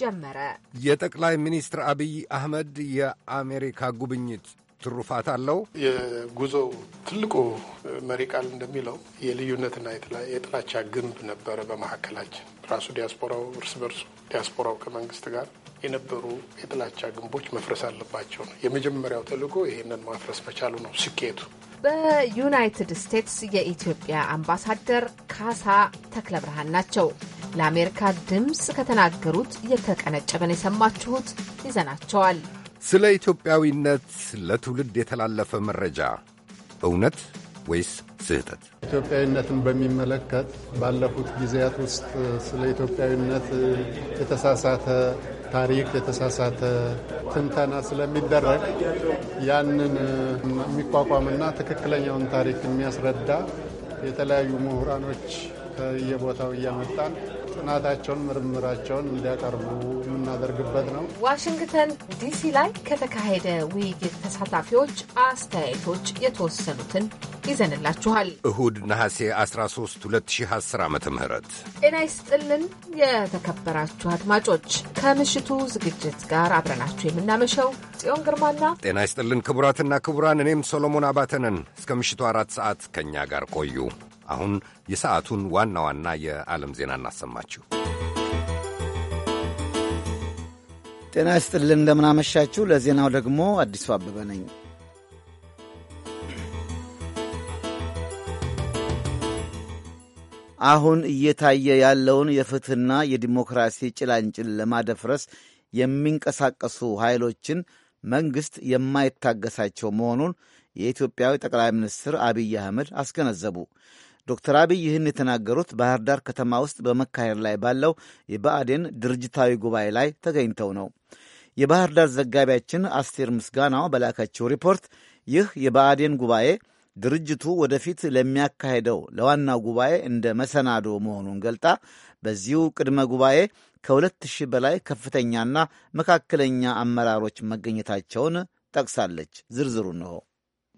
ጀመረ። የጠቅላይ ሚኒስትር አብይ አህመድ የአሜሪካ ጉብኝት ትሩፋት አለው። የጉዞው ትልቁ መሪ ቃል እንደሚለው የልዩነትና የጥላቻ ግንብ ነበረ በመካከላችን። ራሱ ዲያስፖራው እርስ በርሱ ዲያስፖራው ከመንግስት ጋር የነበሩ የጥላቻ ግንቦች መፍረስ አለባቸው ነው። የመጀመሪያው ተልዕኮ ይሄንን ማፍረስ መቻሉ ነው ስኬቱ። በዩናይትድ ስቴትስ የኢትዮጵያ አምባሳደር ካሳ ተክለ ብርሃን ናቸው። ለአሜሪካ ድምፅ ከተናገሩት የተቀነጨበን የሰማችሁት ይዘናቸዋል። ስለ ኢትዮጵያዊነት ለትውልድ የተላለፈ መረጃ እውነት ወይስ ስህተት? ኢትዮጵያዊነትን በሚመለከት ባለፉት ጊዜያት ውስጥ ስለ ኢትዮጵያዊነት የተሳሳተ ታሪክ፣ የተሳሳተ ትንተና ስለሚደረግ ያንን የሚቋቋምና ትክክለኛውን ታሪክ የሚያስረዳ የተለያዩ ምሁራኖች ከየቦታው እያመጣን ጥናታቸውን፣ ምርምራቸውን እንዲያቀርቡ የምናደርግበት ነው። ዋሽንግተን ዲሲ ላይ ከተካሄደ ውይይት ተሳታፊዎች አስተያየቶች የተወሰኑትን ይዘንላችኋል። እሁድ ነሐሴ 13 2010 ዓ ም ጤና ይስጥልን የተከበራችሁ አድማጮች፣ ከምሽቱ ዝግጅት ጋር አብረናችሁ የምናመሸው ጽዮን ግርማና ጤና ይስጥልን ክቡራትና ክቡራን፣ እኔም ሶሎሞን አባተንን እስከ ምሽቱ አራት ሰዓት ከእኛ ጋር ቆዩ። አሁን የሰዓቱን ዋና ዋና የዓለም ዜና እናሰማችሁ። ጤና ይስጥልን፣ እንደምናመሻችሁ። ለዜናው ደግሞ አዲሱ አበበ ነኝ። አሁን እየታየ ያለውን የፍትሕና የዲሞክራሲ ጭላንጭል ለማደፍረስ የሚንቀሳቀሱ ኃይሎችን መንግሥት የማይታገሳቸው መሆኑን የኢትዮጵያዊ ጠቅላይ ሚኒስትር አብይ አህመድ አስገነዘቡ። ዶክተር አብይ ይህን የተናገሩት ባህር ዳር ከተማ ውስጥ በመካሄድ ላይ ባለው የብአዴን ድርጅታዊ ጉባኤ ላይ ተገኝተው ነው። የባህር ዳር ዘጋቢያችን አስቴር ምስጋናው በላከችው ሪፖርት ይህ የብአዴን ጉባኤ ድርጅቱ ወደፊት ለሚያካሄደው ለዋናው ጉባኤ እንደ መሰናዶ መሆኑን ገልጣ በዚሁ ቅድመ ጉባኤ ከሁለት ሺህ በላይ ከፍተኛና መካከለኛ አመራሮች መገኘታቸውን ጠቅሳለች። ዝርዝሩ ነው።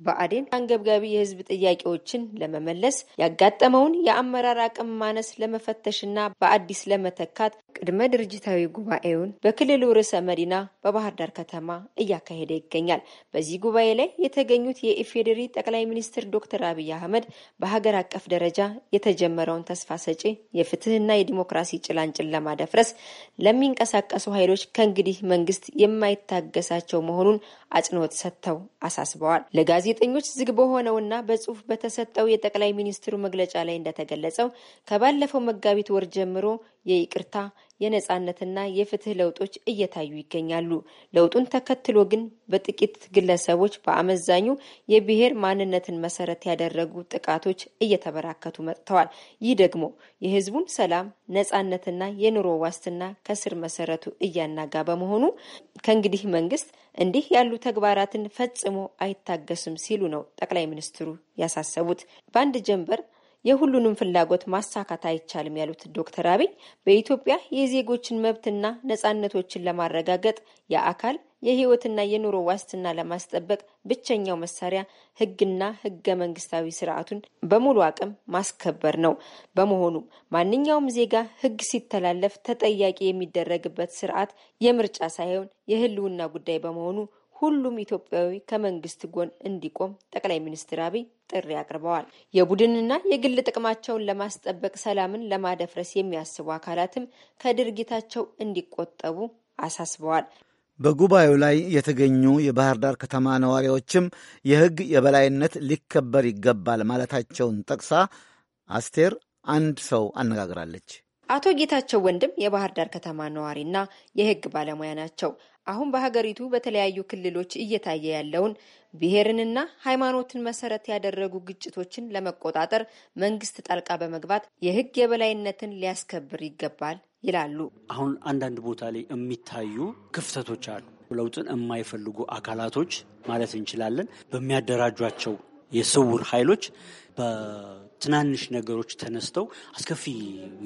በአዴን አንገብጋቢ የህዝብ ጥያቄዎችን ለመመለስ ያጋጠመውን የአመራር አቅም ማነስ ለመፈተሽና በአዲስ ለመተካት ቅድመ ድርጅታዊ ጉባኤውን በክልሉ ርዕሰ መዲና በባህር ዳር ከተማ እያካሄደ ይገኛል። በዚህ ጉባኤ ላይ የተገኙት የኢፌዴሪ ጠቅላይ ሚኒስትር ዶክተር አብይ አህመድ በሀገር አቀፍ ደረጃ የተጀመረውን ተስፋ ሰጪ የፍትህና የዲሞክራሲ ጭላንጭል ለማደፍረስ ለሚንቀሳቀሱ ኃይሎች ከእንግዲህ መንግስት የማይታገሳቸው መሆኑን አጽንኦት ሰጥተው አሳስበዋል። ለጋዜጠኞች ዝግ በሆነውና በጽሁፍ በተሰጠው የጠቅላይ ሚኒስትሩ መግለጫ ላይ እንደተገለጸው ከባለፈው መጋቢት ወር ጀምሮ የይቅርታ የነጻነትና የፍትህ ለውጦች እየታዩ ይገኛሉ። ለውጡን ተከትሎ ግን በጥቂት ግለሰቦች በአመዛኙ የብሔር ማንነትን መሰረት ያደረጉ ጥቃቶች እየተበራከቱ መጥተዋል። ይህ ደግሞ የህዝቡን ሰላም፣ ነጻነትና የኑሮ ዋስትና ከስር መሰረቱ እያናጋ በመሆኑ ከእንግዲህ መንግስት እንዲህ ያሉ ተግባራትን ፈጽሞ አይታገስም ሲሉ ነው ጠቅላይ ሚኒስትሩ ያሳሰቡት። በአንድ ጀንበር የሁሉንም ፍላጎት ማሳካት አይቻልም ያሉት ዶክተር አብይ በኢትዮጵያ የዜጎችን መብትና ነጻነቶችን ለማረጋገጥ የአካል የህይወትና የኑሮ ዋስትና ለማስጠበቅ ብቸኛው መሳሪያ ህግና ህገ መንግስታዊ ስርዓቱን በሙሉ አቅም ማስከበር ነው። በመሆኑም ማንኛውም ዜጋ ህግ ሲተላለፍ ተጠያቂ የሚደረግበት ስርዓት የምርጫ ሳይሆን የህልውና ጉዳይ በመሆኑ ሁሉም ኢትዮጵያዊ ከመንግስት ጎን እንዲቆም ጠቅላይ ሚኒስትር አብይ ጥሪ አቅርበዋል። የቡድንና የግል ጥቅማቸውን ለማስጠበቅ ሰላምን ለማደፍረስ የሚያስቡ አካላትም ከድርጊታቸው እንዲቆጠቡ አሳስበዋል። በጉባኤው ላይ የተገኙ የባህር ዳር ከተማ ነዋሪዎችም የሕግ የበላይነት ሊከበር ይገባል ማለታቸውን ጠቅሳ አስቴር አንድ ሰው አነጋግራለች። አቶ ጌታቸው ወንድም የባህር ዳር ከተማ ነዋሪና የሕግ ባለሙያ ናቸው። አሁን በሀገሪቱ በተለያዩ ክልሎች እየታየ ያለውን ብሔርንና ሃይማኖትን መሰረት ያደረጉ ግጭቶችን ለመቆጣጠር መንግስት ጣልቃ በመግባት የህግ የበላይነትን ሊያስከብር ይገባል ይላሉ። አሁን አንዳንድ ቦታ ላይ የሚታዩ ክፍተቶች አሉ። ለውጥን የማይፈልጉ አካላቶች ማለት እንችላለን በሚያደራጇቸው የስውር ኃይሎች ትናንሽ ነገሮች ተነስተው አስከፊ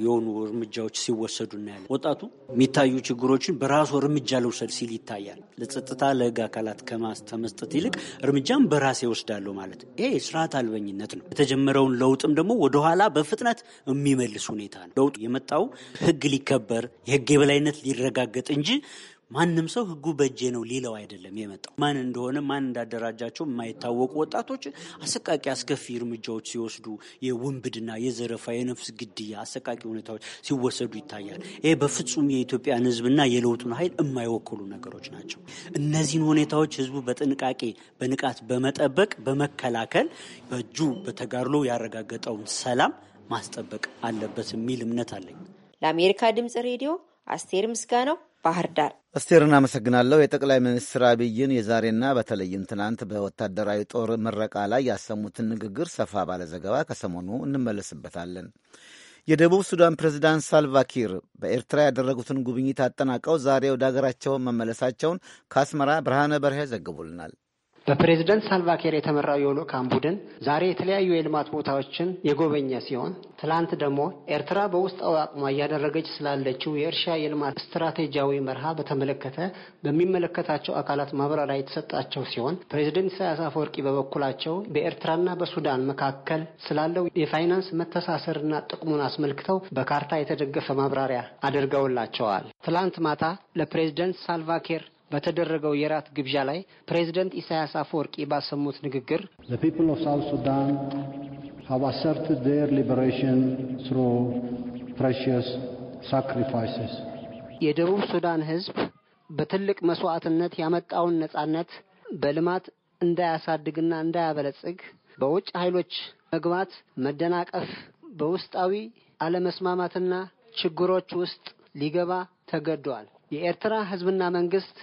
የሆኑ እርምጃዎች ሲወሰዱ እናያለን። ወጣቱ የሚታዩ ችግሮችን በራሱ እርምጃ ልውሰድ ሲል ይታያል። ለጸጥታ ለህግ አካላት ከመስጠት ይልቅ እርምጃም በራሴ ወስዳለሁ ማለት ይሄ ስርዓት አልበኝነት ነው። የተጀመረውን ለውጥም ደግሞ ወደኋላ በፍጥነት የሚመልስ ሁኔታ ነው። ለውጥ የመጣው ህግ ሊከበር የህግ የበላይነት ሊረጋገጥ እንጂ ማንም ሰው ህጉ በእጄ ነው ሊለው አይደለም የመጣው። ማን እንደሆነ ማን እንዳደራጃቸው የማይታወቁ ወጣቶች አሰቃቂ አስከፊ እርምጃዎች ሲወስዱ፣ የውንብድና፣ የዘረፋ፣ የነፍስ ግድያ አሰቃቂ ሁኔታዎች ሲወሰዱ ይታያል። ይሄ በፍጹም የኢትዮጵያን ህዝብና የለውጡን ኃይል የማይወክሉ ነገሮች ናቸው። እነዚህን ሁኔታዎች ህዝቡ በጥንቃቄ በንቃት በመጠበቅ በመከላከል በእጁ በተጋድሎ ያረጋገጠውን ሰላም ማስጠበቅ አለበት የሚል እምነት አለኝ። ለአሜሪካ ድምጽ ሬዲዮ አስቴር ምስጋናው ባህር ዳር። እስቴር እናመሰግናለሁ። የጠቅላይ ሚኒስትር አብይን የዛሬና በተለይም ትናንት በወታደራዊ ጦር ምረቃ ላይ ያሰሙትን ንግግር ሰፋ ባለ ዘገባ ከሰሞኑ እንመለስበታለን። የደቡብ ሱዳን ፕሬዝዳንት ሳልቫኪር በኤርትራ ያደረጉትን ጉብኝት አጠናቀው ዛሬ ወደ አገራቸው መመለሳቸውን ከአስመራ ብርሃነ በርሄ ዘግቡልናል። በፕሬዝደንት ሳልቫኪር የተመራው የልዑካን ቡድን ዛሬ የተለያዩ የልማት ቦታዎችን የጎበኘ ሲሆን ትላንት ደግሞ ኤርትራ በውስጥ አቅሟ እያደረገች ስላለችው የእርሻ የልማት ስትራቴጂያዊ መርሃ በተመለከተ በሚመለከታቸው አካላት ማብራሪያ የተሰጣቸው ሲሆን ፕሬዝደንት ኢሳያስ አፈወርቂ በበኩላቸው በኤርትራና በሱዳን መካከል ስላለው የፋይናንስ መተሳሰርና ጥቅሙን አስመልክተው በካርታ የተደገፈ ማብራሪያ አድርገውላቸዋል። ትላንት ማታ ለፕሬዝደንት ሳልቫኪር በተደረገው የራት ግብዣ ላይ ፕሬዚደንት ኢሳያስ አፈወርቂ ባሰሙት ንግግር የደቡብ ሱዳን ሕዝብ በትልቅ መስዋዕትነት ያመጣውን ነጻነት በልማት እንዳያሳድግና እንዳያበለጽግ በውጭ ኃይሎች መግባት መደናቀፍ፣ በውስጣዊ አለመስማማትና ችግሮች ውስጥ ሊገባ ተገዷል። የኤርትራ ሕዝብና መንግስት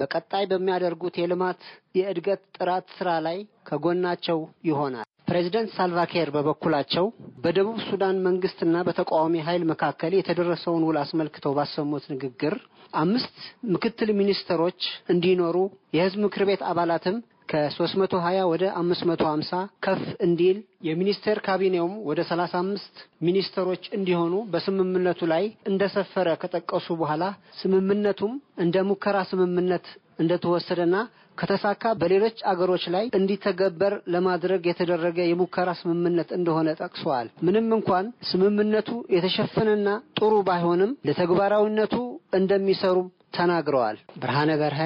በቀጣይ በሚያደርጉት የልማት የእድገት ጥራት ስራ ላይ ከጎናቸው ይሆናል። ፕሬዚደንት ሳልቫኪር በበኩላቸው በደቡብ ሱዳን መንግስትና በተቃዋሚ ኃይል መካከል የተደረሰውን ውል አስመልክተው ባሰሙት ንግግር አምስት ምክትል ሚኒስትሮች እንዲኖሩ የህዝብ ምክር ቤት አባላትም ከ320 ወደ 550 ከፍ እንዲል የሚኒስቴር ካቢኔውም ወደ 35 ሚኒስትሮች እንዲሆኑ በስምምነቱ ላይ እንደሰፈረ ከጠቀሱ በኋላ ስምምነቱም እንደ ሙከራ ስምምነት እንደተወሰደና ከተሳካ በሌሎች አገሮች ላይ እንዲተገበር ለማድረግ የተደረገ የሙከራ ስምምነት እንደሆነ ጠቅሰዋል። ምንም እንኳን ስምምነቱ የተሸፈነና ጥሩ ባይሆንም ለተግባራዊነቱ እንደሚሰሩ ተናግረዋል። ብርሃነ በርሀ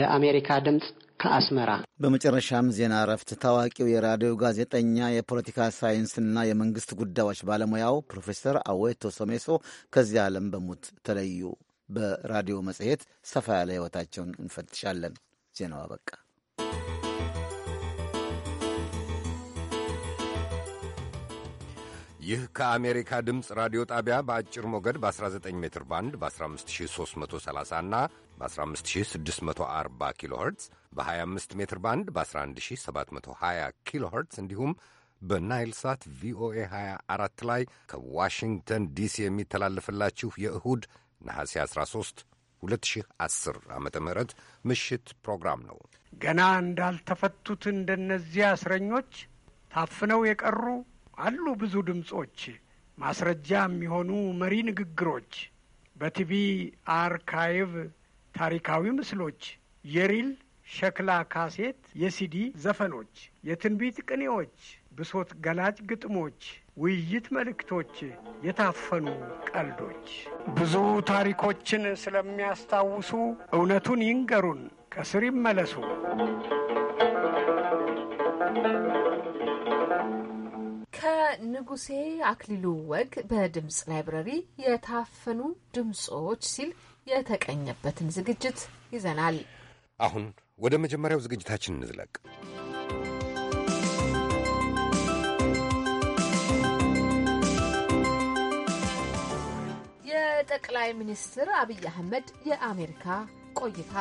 ለአሜሪካ ድምፅ ከአስመራ በመጨረሻም ዜና እረፍት። ታዋቂው የራዲዮ ጋዜጠኛ የፖለቲካ ሳይንስና የመንግስት ጉዳዮች ባለሙያው ፕሮፌሰር አዌቶ ሶሜሶ ከዚህ ዓለም በሞት ተለዩ። በራዲዮ መጽሔት ሰፋ ያለ ህይወታቸውን እንፈትሻለን። ዜናው አበቃ። ይህ ከአሜሪካ ድምፅ ራዲዮ ጣቢያ በአጭር ሞገድ በ19 ሜትር ባንድ በ15330 እና በ15640 ኪሎ ኸርትዝ በ25 ሜትር ባንድ በ11720 ኪሎ ኸርትዝ እንዲሁም በናይል ሳት ቪኦኤ 24 ላይ ከዋሽንግተን ዲሲ የሚተላለፍላችሁ የእሁድ ነሐሴ 13 2010 ዓ ም ምሽት ፕሮግራም ነው። ገና እንዳልተፈቱት እንደነዚያ እስረኞች ታፍነው የቀሩ አሉ ብዙ ድምጾች፣ ማስረጃ የሚሆኑ መሪ ንግግሮች፣ በቲቪ አርካይቭ ታሪካዊ ምስሎች፣ የሪል ሸክላ ካሴት፣ የሲዲ ዘፈኖች፣ የትንቢት ቅኔዎች፣ ብሶት ገላጭ ግጥሞች፣ ውይይት መልእክቶች፣ የታፈኑ ቀልዶች ብዙ ታሪኮችን ስለሚያስታውሱ እውነቱን ይንገሩን፣ ከስር ይመለሱ። የንጉሴ አክሊሉ ወግ በድምፅ ላይብረሪ የታፈኑ ድምፆች ሲል የተቀኘበትን ዝግጅት ይዘናል። አሁን ወደ መጀመሪያው ዝግጅታችን እንዝለቅ። የጠቅላይ ሚኒስትር አብይ አህመድ የአሜሪካ ቆይታ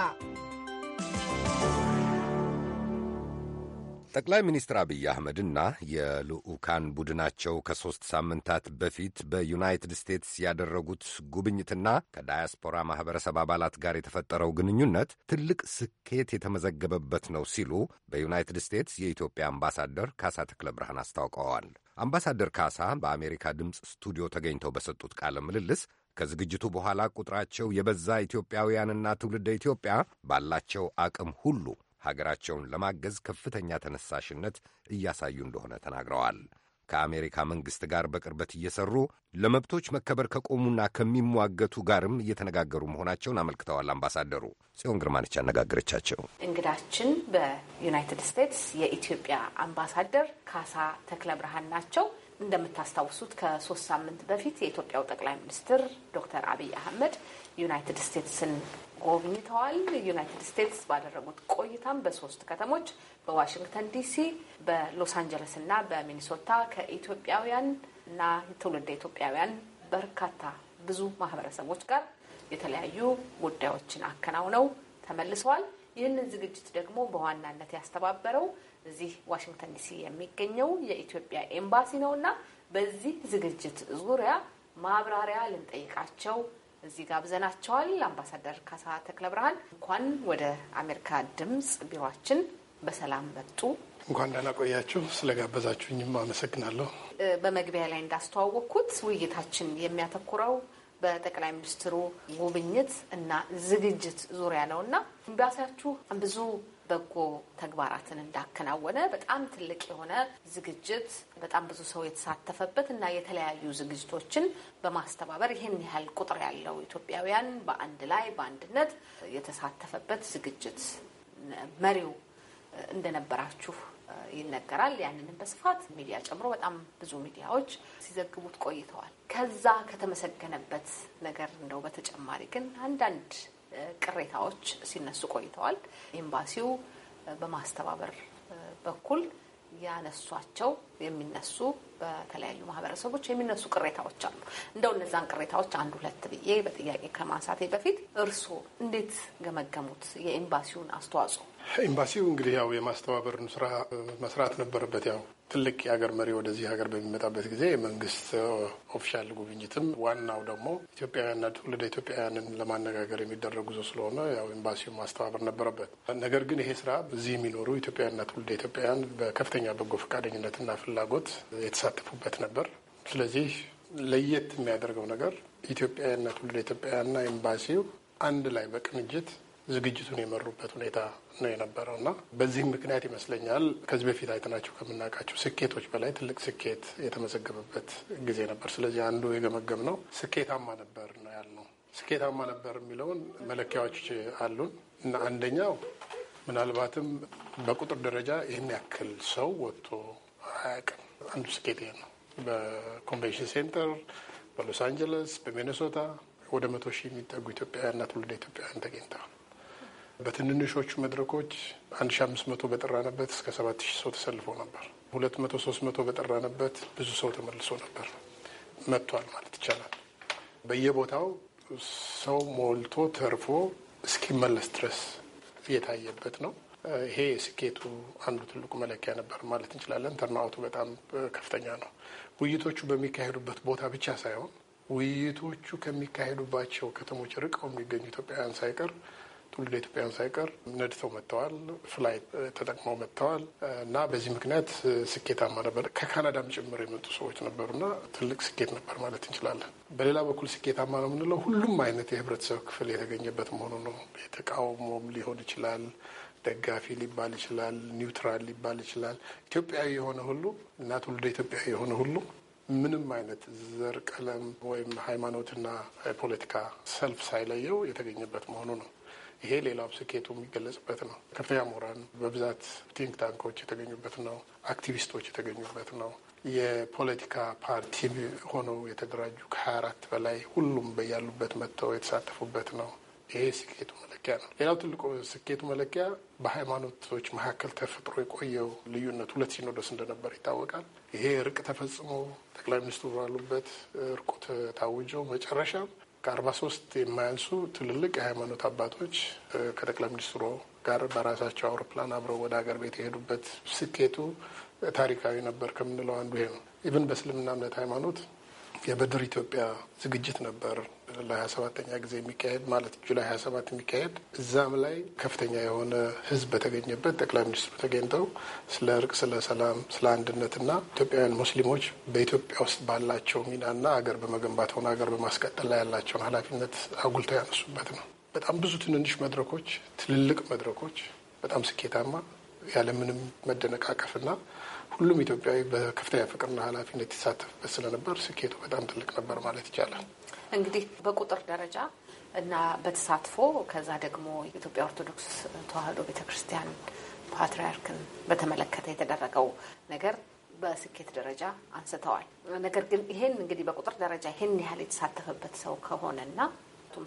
ጠቅላይ ሚኒስትር አብይ አህመድና የልዑካን ቡድናቸው ከሦስት ሳምንታት በፊት በዩናይትድ ስቴትስ ያደረጉት ጉብኝትና ከዳያስፖራ ማኅበረሰብ አባላት ጋር የተፈጠረው ግንኙነት ትልቅ ስኬት የተመዘገበበት ነው ሲሉ በዩናይትድ ስቴትስ የኢትዮጵያ አምባሳደር ካሳ ተክለ ብርሃን አስታውቀዋል። አምባሳደር ካሳ በአሜሪካ ድምፅ ስቱዲዮ ተገኝተው በሰጡት ቃለ ምልልስ ከዝግጅቱ በኋላ ቁጥራቸው የበዛ ኢትዮጵያውያንና ትውልደ ኢትዮጵያ ባላቸው አቅም ሁሉ ሀገራቸውን ለማገዝ ከፍተኛ ተነሳሽነት እያሳዩ እንደሆነ ተናግረዋል። ከአሜሪካ መንግሥት ጋር በቅርበት እየሰሩ ለመብቶች መከበር ከቆሙና ከሚሟገቱ ጋርም እየተነጋገሩ መሆናቸውን አመልክተዋል። አምባሳደሩ ጽዮን ግርማነች ያነጋገረቻቸው እንግዳችን በዩናይትድ ስቴትስ የኢትዮጵያ አምባሳደር ካሳ ተክለ ብርሃን ናቸው። እንደምታስታውሱት ከሶስት ሳምንት በፊት የኢትዮጵያው ጠቅላይ ሚኒስትር ዶክተር አብይ አህመድ ዩናይትድ ስቴትስን ጎብኝተዋል። ዩናይትድ ስቴትስ ባደረጉት ቆይታም በሶስት ከተሞች በዋሽንግተን ዲሲ፣ በሎስ አንጀለስ እና በሚኒሶታ ከኢትዮጵያውያን እና ትውልደ ኢትዮጵያውያን በርካታ ብዙ ማህበረሰቦች ጋር የተለያዩ ጉዳዮችን አከናውነው ተመልሰዋል። ይህንን ዝግጅት ደግሞ በዋናነት ያስተባበረው እዚህ ዋሽንግተን ዲሲ የሚገኘው የኢትዮጵያ ኤምባሲ ነው እና በዚህ ዝግጅት ዙሪያ ማብራሪያ ልንጠይቃቸው እዚህ ጋብዘናቸዋል። አምባሳደር ካሳ ተክለ ብርሃን እንኳን ወደ አሜሪካ ድምጽ ቢሮችን በሰላም መጡ። እንኳን ደህና ቆያችሁ። ስለጋበዛችሁኝም አመሰግናለሁ። በመግቢያ ላይ እንዳስተዋወቅኩት ውይይታችን የሚያተኩረው በጠቅላይ ሚኒስትሩ ጉብኝት እና ዝግጅት ዙሪያ ነው እና ኤምባሲያችሁ ብዙ በጎ ተግባራትን እንዳከናወነ በጣም ትልቅ የሆነ ዝግጅት በጣም ብዙ ሰው የተሳተፈበት እና የተለያዩ ዝግጅቶችን በማስተባበር ይህን ያህል ቁጥር ያለው ኢትዮጵያውያን በአንድ ላይ በአንድነት የተሳተፈበት ዝግጅት መሪው እንደነበራችሁ ይነገራል። ያንንም በስፋት ሚዲያ ጨምሮ በጣም ብዙ ሚዲያዎች ሲዘግቡት ቆይተዋል። ከዛ ከተመሰገነበት ነገር እንደው በተጨማሪ ግን አንዳንድ ቅሬታዎች ሲነሱ ቆይተዋል። ኤምባሲው በማስተባበር በኩል ያነሷቸው የሚነሱ በተለያዩ ማህበረሰቦች የሚነሱ ቅሬታዎች አሉ። እንደው እነዛን ቅሬታዎች አንድ ሁለት ብዬ በጥያቄ ከማንሳቴ በፊት እርስዎ እንዴት ገመገሙት የኤምባሲውን አስተዋጽኦ? ኤምባሲው እንግዲህ ያው የማስተባበርን ስራ መስራት ነበረበት። ያው ትልቅ የሀገር መሪ ወደዚህ ሀገር በሚመጣበት ጊዜ የመንግስት ኦፊሻል ጉብኝትም ዋናው ደግሞ ኢትዮጵያውያንና ትውልደ ኢትዮጵያውያንን ለማነጋገር የሚደረግ ጉዞ ስለሆነ ያው ኤምባሲው ማስተባበር ነበረበት። ነገር ግን ይሄ ስራ እዚህ የሚኖሩ ኢትዮጵያውያንና ትውልደ ኢትዮጵያውያን በከፍተኛ በጎ ፈቃደኝነትና ፍላጎት የተሳተፉበት ነበር። ስለዚህ ለየት የሚያደርገው ነገር ኢትዮጵያውያንና ትውልደ ኢትዮጵያውያንና ኤምባሲው አንድ ላይ በቅንጅት ዝግጅቱን የመሩበት ሁኔታ ነው የነበረው እና በዚህም ምክንያት ይመስለኛል ከዚህ በፊት አይተናቸው ከምናውቃቸው ስኬቶች በላይ ትልቅ ስኬት የተመዘገበበት ጊዜ ነበር። ስለዚህ አንዱ የገመገም ነው ስኬታማ ነበር ነው ያልነው። ስኬታማ ነበር የሚለውን መለኪያዎች አሉን እና አንደኛው ምናልባትም በቁጥር ደረጃ ይህን ያክል ሰው ወጥቶ አያውቅም። አንዱ ስኬት ይሄ ነው። በኮንቬንሽን ሴንተር በሎስ አንጀለስ፣ በሚኔሶታ ወደ መቶ ሺህ የሚጠጉ ኢትዮጵያውያንና ትውልደ ኢትዮጵያውያን ተገኝተዋል። በትንንሾቹ መድረኮች 1500 በጠራንበት እስከ 7000 ሰው ተሰልፎ ነበር። 200 300 በጠራንበት ብዙ ሰው ተመልሶ ነበር። መጥቷል ማለት ይቻላል። በየቦታው ሰው ሞልቶ ተርፎ እስኪመለስ ድረስ እየታየበት ነው። ይሄ ስኬቱ አንዱ ትልቁ መለኪያ ነበር ማለት እንችላለን። ተርናውቱ በጣም ከፍተኛ ነው። ውይይቶቹ በሚካሄዱበት ቦታ ብቻ ሳይሆን ውይይቶቹ ከሚካሄዱባቸው ከተሞች ርቀው የሚገኙ ኢትዮጵያውያን ሳይቀር ትውልደ ኢትዮጵያውያን ሳይቀር ነድተው መጥተዋል፣ ፍላይ ተጠቅመው መጥተዋል እና በዚህ ምክንያት ስኬታማ ነበር። ከካናዳም ጭምር የመጡ ሰዎች ነበሩና ትልቅ ስኬት ነበር ማለት እንችላለን። በሌላ በኩል ስኬታማ ነው የምንለው ሁሉም አይነት የህብረተሰብ ክፍል የተገኘበት መሆኑ ነው። የተቃውሞም ሊሆን ይችላል ደጋፊ ሊባል ይችላል፣ ኒውትራል ሊባል ይችላል። ኢትዮጵያዊ የሆነ ሁሉ እና ትውልደ ኢትዮጵያዊ የሆነ ሁሉ ምንም አይነት ዘር፣ ቀለም ወይም ሃይማኖትና ፖለቲካ ሰልፍ ሳይለየው የተገኘበት መሆኑ ነው። ይሄ ሌላው ስኬቱ የሚገለጽበት ነው። ከፍተኛ ምሁራን በብዛት ቲንክ ታንኮች የተገኙበት ነው። አክቲቪስቶች የተገኙበት ነው። የፖለቲካ ፓርቲ ሆነው የተደራጁ ከሀያ አራት በላይ ሁሉም በያሉበት መጥተው የተሳተፉበት ነው። ይሄ ስኬቱ መለኪያ ነው። ሌላው ትልቁ ስኬቱ መለኪያ በሃይማኖቶች መካከል ተፈጥሮ የቆየው ልዩነት ሁለት ሲኖዶስ እንደነበር ይታወቃል። ይሄ እርቅ ተፈጽሞ ጠቅላይ ሚኒስትሩ ባሉበት እርቁ ታውጀው መጨረሻም ከአርባ ሶስት የማያንሱ ትልልቅ የሃይማኖት አባቶች ከጠቅላይ ሚኒስትሩ ጋር በራሳቸው አውሮፕላን አብረው ወደ ሀገር ቤት የሄዱበት ስኬቱ ታሪካዊ ነበር ከምንለው አንዱ ይሄ ነው። ኢቭን በእስልምና እምነት ሃይማኖት የበድር ኢትዮጵያ ዝግጅት ነበር ለ27ተኛ ጊዜ የሚካሄድ ማለት ጁላይ 27 የሚካሄድ እዛም ላይ ከፍተኛ የሆነ ህዝብ በተገኘበት ጠቅላይ ሚኒስትሩ ተገኝተው ስለ እርቅ፣ ስለ ሰላም፣ ስለ አንድነትና ኢትዮጵያውያን ሙስሊሞች በኢትዮጵያ ውስጥ ባላቸው ሚናና አገር በመገንባት ሆነ አገር በማስቀጠል ላይ ያላቸውን ኃላፊነት አጉልተው ያነሱበት ነው። በጣም ብዙ ትንንሽ መድረኮች፣ ትልልቅ መድረኮች በጣም ስኬታማ ያለምንም መደነቃቀፍና ሁሉም ኢትዮጵያዊ በከፍተኛ ፍቅርና ኃላፊነት ይሳተፍበት ስለነበር ስኬቱ በጣም ትልቅ ነበር ማለት ይቻላል። እንግዲህ በቁጥር ደረጃ እና በተሳትፎ ከዛ ደግሞ የኢትዮጵያ ኦርቶዶክስ ተዋህዶ ቤተክርስቲያን ፓትርያርክን በተመለከተ የተደረገው ነገር በስኬት ደረጃ አንስተዋል። ነገር ግን ይሄን እንግዲህ በቁጥር ደረጃ ይሄን ያህል የተሳተፈበት ሰው ከሆነና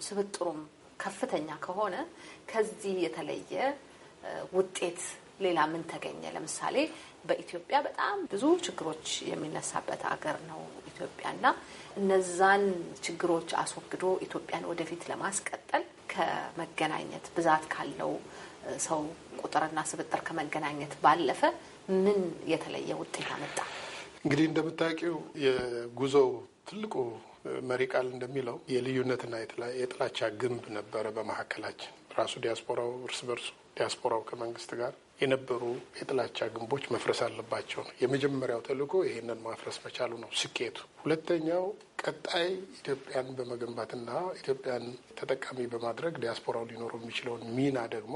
ስብጥሩም ከፍተኛ ከሆነ ከዚህ የተለየ ውጤት ሌላ ምን ተገኘ? ለምሳሌ በኢትዮጵያ በጣም ብዙ ችግሮች የሚነሳበት አገር ነው ኢትዮጵያና እነዛን ችግሮች አስወግዶ ኢትዮጵያን ወደፊት ለማስቀጠል ከመገናኘት ብዛት ካለው ሰው ቁጥርና ስብጥር ከመገናኘት ባለፈ ምን የተለየ ውጤት አመጣ? እንግዲህ እንደምታውቂው የጉዞው ትልቁ መሪ ቃል እንደሚለው የልዩነትና የጥላቻ ግንብ ነበረ በመካከላችን ራሱ ዲያስፖራው እርስ በርሱ ዲያስፖራው ከመንግስት ጋር የነበሩ የጥላቻ ግንቦች መፍረስ አለባቸው ነው። የመጀመሪያው ተልዕኮ ይህንን ማፍረስ መቻሉ ነው ስኬቱ። ሁለተኛው ቀጣይ ኢትዮጵያን በመገንባትና ኢትዮጵያን ተጠቃሚ በማድረግ ዲያስፖራው ሊኖረው የሚችለውን ሚና ደግሞ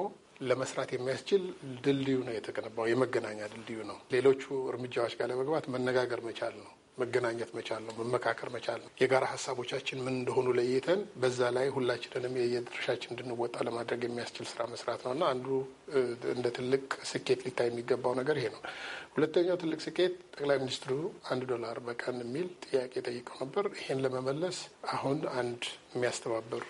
ለመስራት የሚያስችል ድልድዩ ነው የተገነባው። የመገናኛ ድልድዩ ነው። ሌሎቹ እርምጃዎች ጋር ለመግባት መነጋገር መቻል ነው። መገናኘት መቻል ነው፣ መመካከር መቻል ነው። የጋራ ሀሳቦቻችን ምን እንደሆኑ ለይተን በዛ ላይ ሁላችንንም የየድርሻችን እንድንወጣ ለማድረግ የሚያስችል ስራ መስራት ነው እና አንዱ እንደ ትልቅ ስኬት ሊታይ የሚገባው ነገር ይሄ ነው። ሁለተኛው ትልቅ ስኬት ጠቅላይ ሚኒስትሩ አንድ ዶላር በቀን የሚል ጥያቄ ጠይቀው ነበር። ይሄን ለመመለስ አሁን አንድ የሚያስተባብር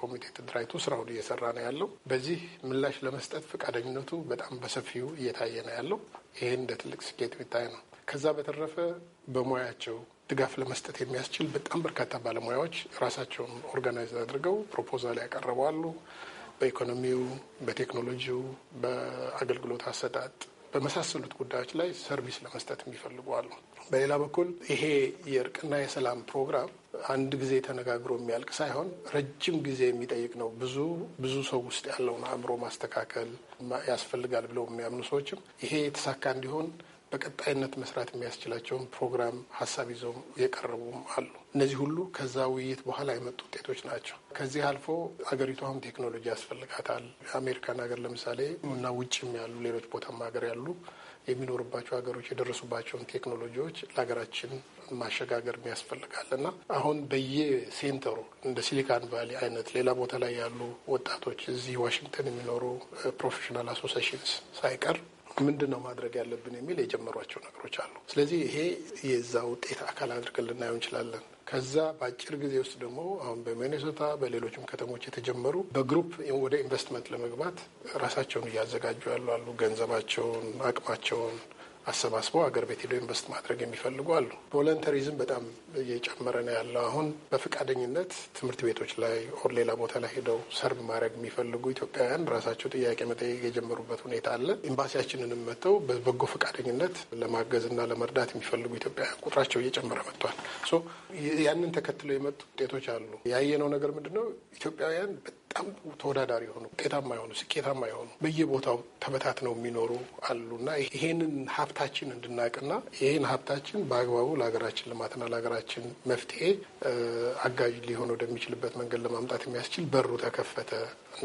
ኮሚቴ ተደራጅቶ ስራውን እየሰራ ነው ያለው። በዚህ ምላሽ ለመስጠት ፈቃደኝነቱ በጣም በሰፊው እየታየ ነው ያለው። ይሄን እንደ ትልቅ ስኬት የሚታይ ነው። ከዛ በተረፈ በሙያቸው ድጋፍ ለመስጠት የሚያስችል በጣም በርካታ ባለሙያዎች ራሳቸውን ኦርጋናይዝ አድርገው ፕሮፖዛል ያቀረባሉ። በኢኮኖሚው፣ በቴክኖሎጂው፣ በአገልግሎት አሰጣጥ በመሳሰሉት ጉዳዮች ላይ ሰርቪስ ለመስጠት የሚፈልጉ አሉ። በሌላ በኩል ይሄ የእርቅና የሰላም ፕሮግራም አንድ ጊዜ ተነጋግሮ የሚያልቅ ሳይሆን ረጅም ጊዜ የሚጠይቅ ነው። ብዙ ብዙ ሰው ውስጥ ያለውን አእምሮ ማስተካከል ያስፈልጋል ብለው የሚያምኑ ሰዎችም ይሄ የተሳካ እንዲሆን በቀጣይነት መስራት የሚያስችላቸውን ፕሮግራም ሀሳብ ይዘው የቀረቡም አሉ። እነዚህ ሁሉ ከዛ ውይይት በኋላ የመጡ ውጤቶች ናቸው። ከዚህ አልፎ አገሪቷም ቴክኖሎጂ ያስፈልጋታል። አሜሪካን ሀገር ለምሳሌ እና ውጭም ያሉ ሌሎች ቦታም ሀገር ያሉ የሚኖርባቸው ሀገሮች የደረሱባቸውን ቴክኖሎጂዎች ለሀገራችን ማሸጋገር ያስፈልጋል እና አሁን ሴንተሩ እንደ ሲሊካን ቫሊ አይነት ሌላ ቦታ ላይ ያሉ ወጣቶች እዚህ ዋሽንግተን የሚኖሩ ፕሮፌሽናል አሶሲሽንስ ሳይቀር ምንድን ነው ማድረግ ያለብን የሚል የጀመሯቸው ነገሮች አሉ። ስለዚህ ይሄ የዛ ውጤት አካል አድርገን ልናየው እንችላለን። ከዛ በአጭር ጊዜ ውስጥ ደግሞ አሁን በሚኔሶታ በሌሎችም ከተሞች የተጀመሩ በግሩፕ ወደ ኢንቨስትመንት ለመግባት ራሳቸውን እያዘጋጁ ያሉ አሉ። ገንዘባቸውን፣ አቅማቸውን አሰባስበው አገር ቤት ሄደው ኢንቨስት ማድረግ የሚፈልጉ አሉ። ቮለንተሪዝም በጣም እየጨመረ ነው ያለው። አሁን በፈቃደኝነት ትምህርት ቤቶች ላይ ኦር ሌላ ቦታ ላይ ሄደው ሰርብ ማድረግ የሚፈልጉ ኢትዮጵያውያን ራሳቸው ጥያቄ መጠየቅ የጀመሩበት ሁኔታ አለ። ኤምባሲያችንንም መጥተው በበጎ ፈቃደኝነት ለማገዝ ና ለመርዳት የሚፈልጉ ኢትዮጵያውያን ቁጥራቸው እየጨመረ መጥቷል። ያንን ተከትለው የመጡ ውጤቶች አሉ። ያየነው ነገር ምንድነው? ኢትዮጵያውያን በጣም ተወዳዳሪ የሆኑ ውጤታማ የሆኑ ስኬታማ የሆኑ በየቦታው ተበታትነው የሚኖሩ አሉና ይሄንን ሀብታችን እንድናቅና ይህን ሀብታችን በአግባቡ ለሀገራችን ልማትና ለሀገራችን መፍትሄ አጋዥ ሊሆን ወደሚችልበት መንገድ ለማምጣት የሚያስችል በሩ ተከፈተ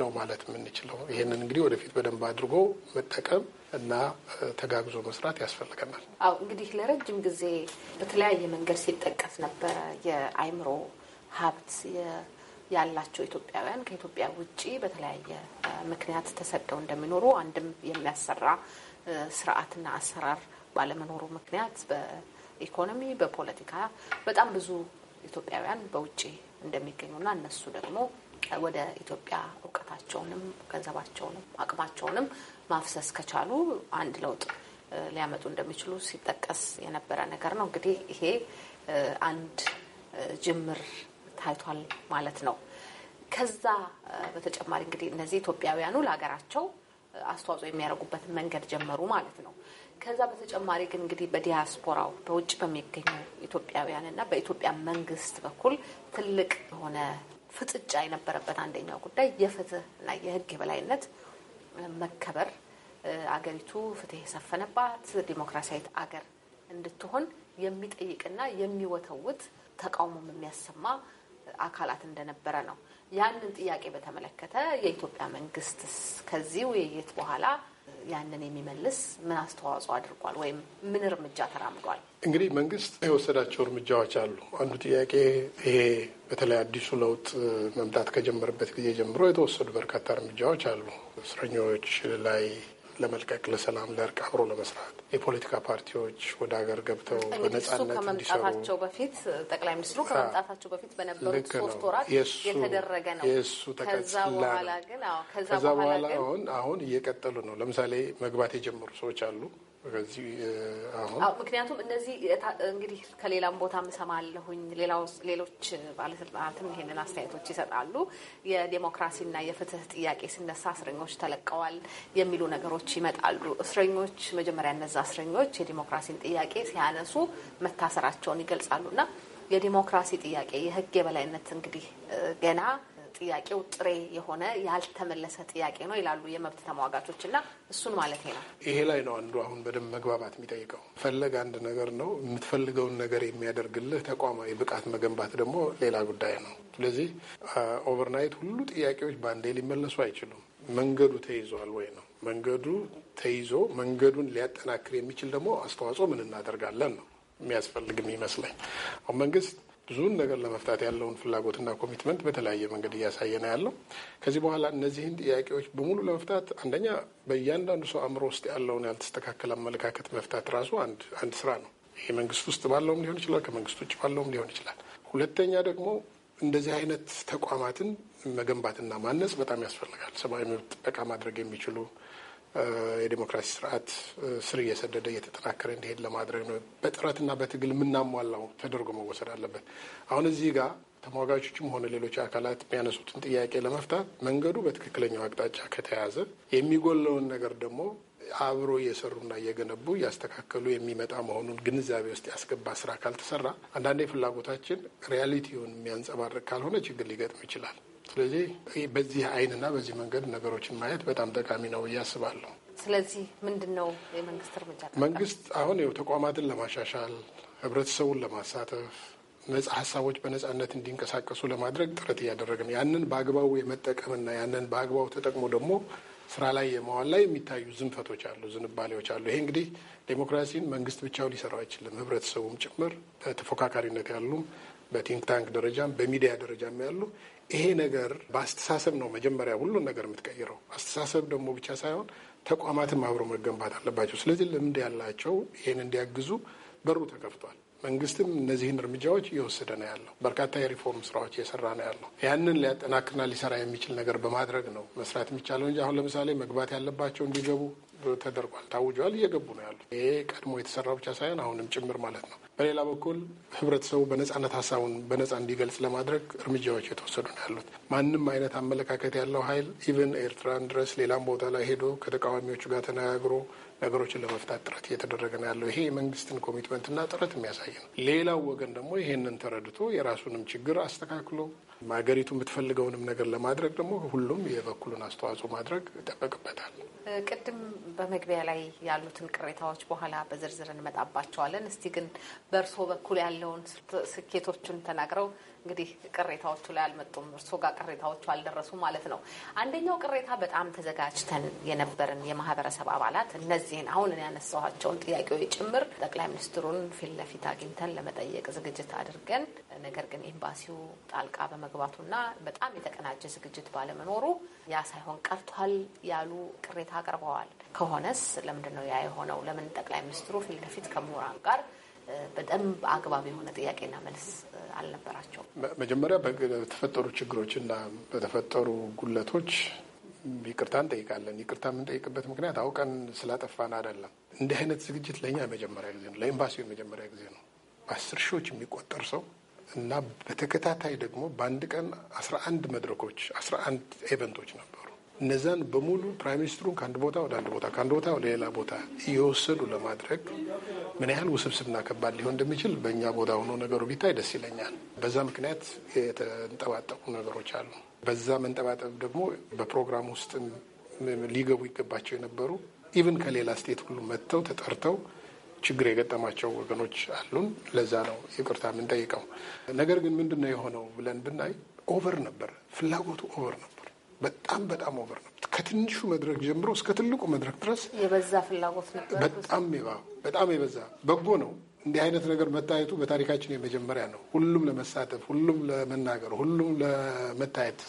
ነው ማለት የምንችለው። ይህንን እንግዲህ ወደፊት በደንብ አድርጎ መጠቀም እና ተጋግዞ መስራት ያስፈልገናል። አዎ እንግዲህ ለረጅም ጊዜ በተለያየ መንገድ ሲጠቀስ ነበረ የአይምሮ ሀብት ያላቸው ኢትዮጵያውያን ከኢትዮጵያ ውጭ በተለያየ ምክንያት ተሰደው እንደሚኖሩ አንድም የሚያሰራ ስርዓትና አሰራር ባለመኖሩ ምክንያት በኢኮኖሚ፣ በፖለቲካ በጣም ብዙ ኢትዮጵያውያን በውጭ እንደሚገኙና እነሱ ደግሞ ወደ ኢትዮጵያ እውቀታቸውንም ገንዘባቸውንም አቅማቸውንም ማፍሰስ ከቻሉ አንድ ለውጥ ሊያመጡ እንደሚችሉ ሲጠቀስ የነበረ ነገር ነው። እንግዲህ ይሄ አንድ ጅምር ታይቷል ማለት ነው። ከዛ በተጨማሪ እንግዲህ እነዚህ ኢትዮጵያውያኑ ለሀገራቸው አስተዋጽኦ የሚያደርጉበትን መንገድ ጀመሩ ማለት ነው። ከዛ በተጨማሪ ግን እንግዲህ በዲያስፖራው በውጭ በሚገኙ ኢትዮጵያውያን እና በኢትዮጵያ መንግስት በኩል ትልቅ የሆነ ፍጥጫ የነበረበት አንደኛው ጉዳይ የፍትህ እና የህግ የበላይነት መከበር አገሪቱ ፍትህ የሰፈነባት ዲሞክራሲያዊት አገር እንድትሆን የሚጠይቅና የሚወተውት ተቃውሞም የሚያሰማ አካላት እንደነበረ ነው። ያንን ጥያቄ በተመለከተ የኢትዮጵያ መንግስት ከዚህ ውይይት በኋላ ያንን የሚመልስ ምን አስተዋጽኦ አድርጓል ወይም ምን እርምጃ ተራምዷል? እንግዲህ መንግስት የወሰዳቸው እርምጃዎች አሉ። አንዱ ጥያቄ ይሄ በተለይ አዲሱ ለውጥ መምጣት ከጀመረበት ጊዜ ጀምሮ የተወሰዱ በርካታ እርምጃዎች አሉ። እስረኞች ላይ ለመልቀቅ ለሰላም፣ ለእርቅ አብሮ ለመስራት የፖለቲካ ፓርቲዎች ወደ ሀገር ገብተው በነጻነት ከመምጣታቸው በፊት ጠቅላይ ሚኒስትሩ ከመምጣታቸው በፊት በነበሩት ሶስት ወራት የተደረገ ነው። የሱ ተቀጽላ ነው። ከዛ በኋላ አሁን አሁን እየቀጠሉ ነው። ለምሳሌ መግባት የጀመሩ ሰዎች አሉ ምክንያቱም እነዚህ እንግዲህ ከሌላም ቦታ ምሰማለሁኝ ሌሎች ባለስልጣናትም ይሄንን አስተያየቶች ይሰጣሉ። የዴሞክራሲና የፍትህ ጥያቄ ሲነሳ እስረኞች ተለቀዋል የሚሉ ነገሮች ይመጣሉ። እስረኞች መጀመሪያ እነዛ እስረኞች የዴሞክራሲን ጥያቄ ሲያነሱ መታሰራቸውን ይገልጻሉ እና የዴሞክራሲ ጥያቄ የህግ የበላይነት እንግዲህ ገና ጥያቄው ጥሬ የሆነ ያልተመለሰ ጥያቄ ነው ይላሉ የመብት ተሟጋቾች እና እሱን ማለት ነው። ይሄ ላይ ነው አንዱ አሁን በደንብ መግባባት የሚጠይቀው። ፈለግ አንድ ነገር ነው። የምትፈልገውን ነገር የሚያደርግልህ ተቋማዊ ብቃት መገንባት ደግሞ ሌላ ጉዳይ ነው። ስለዚህ ኦቨርናይት ሁሉ ጥያቄዎች በአንዴ ሊመለሱ አይችሉም። መንገዱ ተይዟል ወይ ነው መንገዱ ተይዞ መንገዱን ሊያጠናክር የሚችል ደግሞ አስተዋጽኦ ምን እናደርጋለን ነው የሚያስፈልግ ይመስለኝ። አሁን መንግስት ብዙን ነገር ለመፍታት ያለውን ፍላጎትና ኮሚትመንት በተለያየ መንገድ እያሳየ ነው ያለው። ከዚህ በኋላ እነዚህን ጥያቄዎች በሙሉ ለመፍታት አንደኛ በእያንዳንዱ ሰው አእምሮ ውስጥ ያለውን ያልተስተካከለ አመለካከት መፍታት ራሱ አንድ ስራ ነው። ይህ መንግስት ውስጥ ባለውም ሊሆን ይችላል፣ ከመንግስት ውጭ ባለውም ሊሆን ይችላል። ሁለተኛ ደግሞ እንደዚህ አይነት ተቋማትን መገንባትና ማነጽ በጣም ያስፈልጋል። ሰብአዊ መብት ጥበቃ ማድረግ የሚችሉ የዴሞክራሲ ስርዓት ስር እየሰደደ እየተጠናከረ እንዲሄድ ለማድረግ ነው በጥረትና በትግል የምናሟላው ተደርጎ መወሰድ አለበት። አሁን እዚህ ጋር ተሟጋቾችም ሆነ ሌሎች አካላት የሚያነሱትን ጥያቄ ለመፍታት መንገዱ በትክክለኛው አቅጣጫ ከተያዘ የሚጎለውን ነገር ደግሞ አብሮ እየሰሩና እየገነቡ እያስተካከሉ የሚመጣ መሆኑን ግንዛቤ ውስጥ ያስገባ ስራ ካልተሰራ አንዳንዴ ፍላጎታችን ሪያሊቲውን የሚያንጸባርቅ ካልሆነ ችግር ሊገጥም ይችላል። ስለዚህ በዚህ አይንና በዚህ መንገድ ነገሮችን ማየት በጣም ጠቃሚ ነው ብዬ አስባለሁ። ስለዚህ ምንድን ነው የመንግስት እርምጃ? መንግስት አሁን ው ተቋማትን ለማሻሻል ህብረተሰቡን ለማሳተፍ ነጻ ሀሳቦች በነጻነት እንዲንቀሳቀሱ ለማድረግ ጥረት እያደረገ ነው። ያንን በአግባቡ የመጠቀምና ያንን በአግባቡ ተጠቅሞ ደግሞ ስራ ላይ የመዋል ላይ የሚታዩ ዝንፈቶች አሉ፣ ዝንባሌዎች አሉ። ይሄ እንግዲህ ዴሞክራሲን መንግስት ብቻው ሊሰራው አይችልም። ህብረተሰቡም ጭምር በተፎካካሪነት ያሉም በቲንክ ታንክ ደረጃም በሚዲያ ደረጃም ያሉ ይሄ ነገር በአስተሳሰብ ነው መጀመሪያ ሁሉን ነገር የምትቀይረው። አስተሳሰብ ደግሞ ብቻ ሳይሆን ተቋማትም አብረው መገንባት አለባቸው። ስለዚህ ልምድ ያላቸው ይህን እንዲያግዙ በሩ ተከፍቷል። መንግስትም እነዚህን እርምጃዎች እየወሰደ ነው ያለው። በርካታ የሪፎርም ስራዎች እየሰራ ነው ያለው። ያንን ሊያጠናክርና ሊሰራ የሚችል ነገር በማድረግ ነው መስራት የሚቻለው እንጂ አሁን ለምሳሌ መግባት ያለባቸው እንዲገቡ ተደርጓል፣ ታውጇል፣ እየገቡ ነው ያሉት። ይሄ ቀድሞ የተሰራ ብቻ ሳይሆን አሁንም ጭምር ማለት ነው። በሌላ በኩል ህብረተሰቡ በነጻነት ሀሳቡን በነጻ እንዲገልጽ ለማድረግ እርምጃዎች የተወሰዱ ነው ያሉት። ማንም አይነት አመለካከት ያለው ኃይል ኢቨን ኤርትራን ድረስ ሌላም ቦታ ላይ ሄዶ ከተቃዋሚዎቹ ጋር ተነጋግሮ ነገሮችን ለመፍታት ጥረት እየተደረገ ነው ያለው። ይሄ የመንግስትን ኮሚትመንትና ጥረት የሚያሳይ ነው። ሌላው ወገን ደግሞ ይሄንን ተረድቶ የራሱንም ችግር አስተካክሎ ሀገሪቱ የምትፈልገውንም ነገር ለማድረግ ደግሞ ሁሉም የበኩሉን አስተዋጽኦ ማድረግ ይጠበቅበታል። ቅድም በመግቢያ ላይ ያሉትን ቅሬታዎች በኋላ በዝርዝር እንመጣባቸዋለን። እስቲ ግን በእርስዎ በኩል ያለውን ስኬቶቹን ተናግረው እንግዲህ ቅሬታዎቹ ላይ አልመጡም፣ እርስዎ ጋር ቅሬታዎቹ አልደረሱ ማለት ነው። አንደኛው ቅሬታ በጣም ተዘጋጅተን የነበርን የማህበረሰብ አባላት እነዚህን አሁን ያነሳኋቸውን ጥያቄዎች ጭምር ጠቅላይ ሚኒስትሩን ፊት ለፊት አግኝተን ለመጠየቅ ዝግጅት አድርገን ነገር ግን ኤምባሲው ጣልቃ በመግባቱና በጣም የተቀናጀ ዝግጅት ባለመኖሩ ያ ሳይሆን ቀርቷል ያሉ ቅሬታ አቅርበዋል። ከሆነስ ለምንድን ነው ያ የሆነው? ለምን ጠቅላይ ሚኒስትሩ ፊት ለፊት ከምሁራን ጋር በደንብ አግባብ የሆነ ጥያቄና መልስ አልነበራቸውም። መጀመሪያ በተፈጠሩ ችግሮችና በተፈጠሩ ጉለቶች ይቅርታ እንጠይቃለን። ይቅርታ የምንጠይቅበት ምክንያት አውቀን ስላጠፋን አይደለም። እንዲህ አይነት ዝግጅት ለእኛ የመጀመሪያ ጊዜ ነው፣ ለኤምባሲው የመጀመሪያ ጊዜ ነው። በአስር ሺዎች የሚቆጠር ሰው እና በተከታታይ ደግሞ በአንድ ቀን አስራ አንድ መድረኮች አስራ አንድ ኢቨንቶች ነበሩ። እነዛን በሙሉ ፕራይም ሚኒስትሩን ከአንድ ቦታ ወደ አንድ ቦታ ከአንድ ቦታ ወደ ሌላ ቦታ እየወሰዱ ለማድረግ ምን ያህል ውስብስብና ከባድ ሊሆን እንደሚችል በእኛ ቦታ ሆኖ ነገሩ ቢታይ ደስ ይለኛል። በዛ ምክንያት የተንጠባጠቁ ነገሮች አሉ። በዛ መንጠባጠብ ደግሞ በፕሮግራም ውስጥ ሊገቡ ይገባቸው የነበሩ ኢቭን ከሌላ ስቴት ሁሉ መጥተው ተጠርተው ችግር የገጠማቸው ወገኖች አሉን። ለዛ ነው ይቅርታ የምንጠይቀው። ነገር ግን ምንድን ነው የሆነው ብለን ብናይ ኦቨር ነበር፣ ፍላጎቱ ኦቨር ነው። በጣም በጣም ኦቨር ነው። ከትንሹ መድረክ ጀምሮ እስከ ትልቁ መድረክ ድረስ የበዛ ፍላጎት ነበር። በጣም በጣም የበዛ በጎ ነው። እንዲህ አይነት ነገር መታየቱ በታሪካችን የመጀመሪያ ነው። ሁሉም ለመሳተፍ፣ ሁሉም ለመናገር፣ ሁሉም ለመታየት፣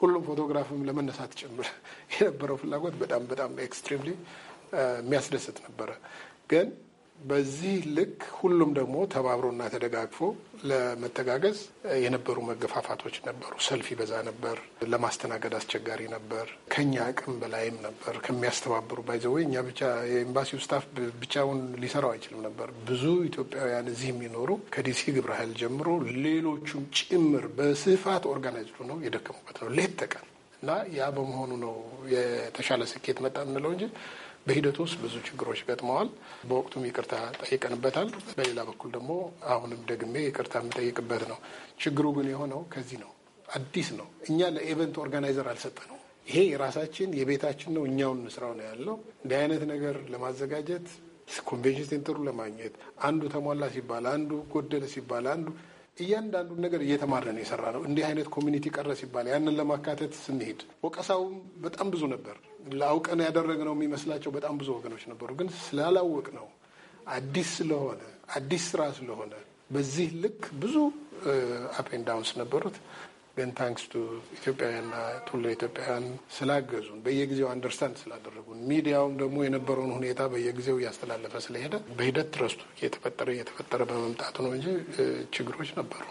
ሁሉም ፎቶግራፍም ለመነሳት ጭምር የነበረው ፍላጎት በጣም በጣም ኤክስትሪምሊ uh, የሚያስደስት ነበረ ግን በዚህ ልክ ሁሉም ደግሞ ተባብሮና ተደጋግፎ ለመተጋገዝ የነበሩ መገፋፋቶች ነበሩ። ሰልፍ ይበዛ ነበር። ለማስተናገድ አስቸጋሪ ነበር። ከኛ አቅም በላይም ነበር። ከሚያስተባብሩ ባይዘወ እኛ ብቻ የኤምባሲው ስታፍ ብቻውን ሊሰራው አይችልም ነበር። ብዙ ኢትዮጵያውያን እዚህ የሚኖሩ ከዲሲ ግብረ ኃይል ጀምሮ ሌሎቹም ጭምር በስፋት ኦርጋናይዝዱ ነው የደከሙበት ነው ሌት ተቀን እና ያ በመሆኑ ነው የተሻለ ስኬት መጣ እንለው እንጂ በሂደቱ ውስጥ ብዙ ችግሮች ገጥመዋል። በወቅቱም ይቅርታ ጠይቀንበታል። በሌላ በኩል ደግሞ አሁንም ደግሜ ይቅርታ የምጠይቅበት ነው። ችግሩ ግን የሆነው ከዚህ ነው። አዲስ ነው። እኛ ለኢቨንት ኦርጋናይዘር አልሰጠ ነው። ይሄ የራሳችን የቤታችን ነው። እኛውን ስራው ነው ያለው። እንዲህ አይነት ነገር ለማዘጋጀት ኮንቬንሽን ሴንተሩ ለማግኘት አንዱ ተሟላ ሲባል፣ አንዱ ጎደለ ሲባል፣ አንዱ እያንዳንዱን ነገር ነው የሰራ ነው። እንዲህ አይነት ኮሚኒቲ ቀረ ሲባል ያንን ለማካተት ስንሄድ ወቀሳውም በጣም ብዙ ነበር። ለአውቀን ያደረግነው የሚመስላቸው በጣም ብዙ ወገኖች ነበሩ። ግን ስላላወቅ ነው አዲስ ስለሆነ አዲስ ስራ ስለሆነ በዚህ ልክ ብዙ አፕ ኤንድ ዳውንስ ነበሩት። ግን ታንክስ ቱ ኢትዮጵያውያንና ቱሎ ኢትዮጵያውያን ስላገዙን በየጊዜው አንደርስታንድ ስላደረጉን ሚዲያውም ደግሞ የነበረውን ሁኔታ በየጊዜው እያስተላለፈ ስለሄደ በሂደት ትረስቱ እየተፈጠረ እየተፈጠረ በመምጣቱ ነው እንጂ ችግሮች ነበሩ።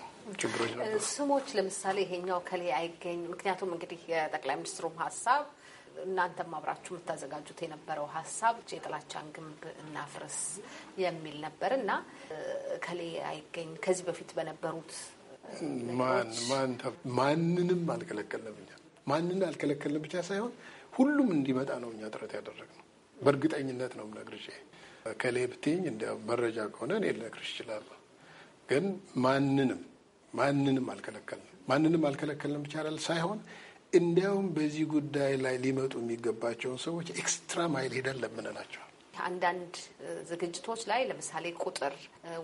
ችግሮች ነበሩ። ስሞች ለምሳሌ ይሄኛው ከሌ አይገኝ። ምክንያቱም እንግዲህ የጠቅላይ ሚኒስትሩም ሀሳብ እናንተም አብራችሁ የምታዘጋጁት የነበረው ሀሳብ የጥላቻን ግንብ እናፍርስ የሚል ነበር እና ከሌ አይገኝ ከዚህ በፊት በነበሩት ማንንም አልከለከልንም። እኛ ማንን አልከለከልንም ብቻ ሳይሆን ሁሉም እንዲመጣ ነው እኛ ጥረት ያደረግነው። በእርግጠኝነት ነው የምነግርሽ። ከሌ ብትይኝ እንደ መረጃ ከሆነ እኔ ልነግርሽ እችላለሁ። ግን ማንንም ማንንም አልከለከልንም። ማንንም አልከለከልንም ብቻ ሳይሆን እንዲያውም በዚህ ጉዳይ ላይ ሊመጡ የሚገባቸውን ሰዎች ኤክስትራ ማይል ሄደን ለምነናቸዋል። አንዳንድ ዝግጅቶች ላይ ለምሳሌ ቁጥር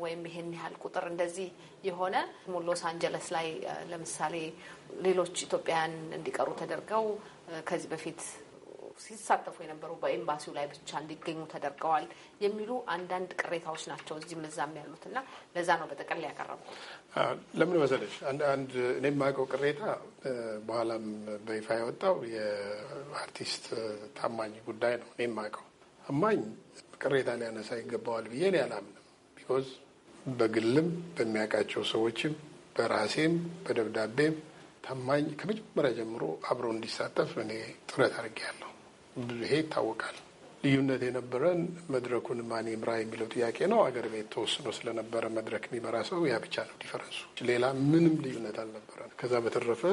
ወይም ይሄን ያህል ቁጥር እንደዚህ የሆነ ሎስ አንጀለስ ላይ ለምሳሌ ሌሎች ኢትዮጵያውያን እንዲቀሩ ተደርገው ከዚህ በፊት ሲሳተፉ የነበሩ በኤምባሲው ላይ ብቻ እንዲገኙ ተደርገዋል የሚሉ አንዳንድ ቅሬታዎች ናቸው እዚህም እዛም ያሉት እና ለዛ ነው በጠቅል ያቀረቡ ለምን መሰለሽ አንድ እኔ የማውቀው ቅሬታ በኋላም በይፋ የወጣው የአርቲስት ታማኝ ጉዳይ ነው እኔ የማውቀው አማኝ ቅሬታ ሊያነሳ ይገባዋል ብዬ እኔ አላምንም። ቢኮዝ በግልም በሚያውቃቸው ሰዎችም በራሴም በደብዳቤም ታማኝ ከመጀመሪያ ጀምሮ አብሮ እንዲሳተፍ እኔ ጥረት አድርጌያለሁ። ይሄ ይታወቃል። ልዩነት የነበረን መድረኩን ማን ይምራ የሚለው ጥያቄ ነው። አገር ቤት ተወስኖ ስለነበረ መድረክ የሚመራ ሰው ያ ብቻ ነው ዲፈረንሱ። ሌላ ምንም ልዩነት አልነበረን። ከዛ በተረፈ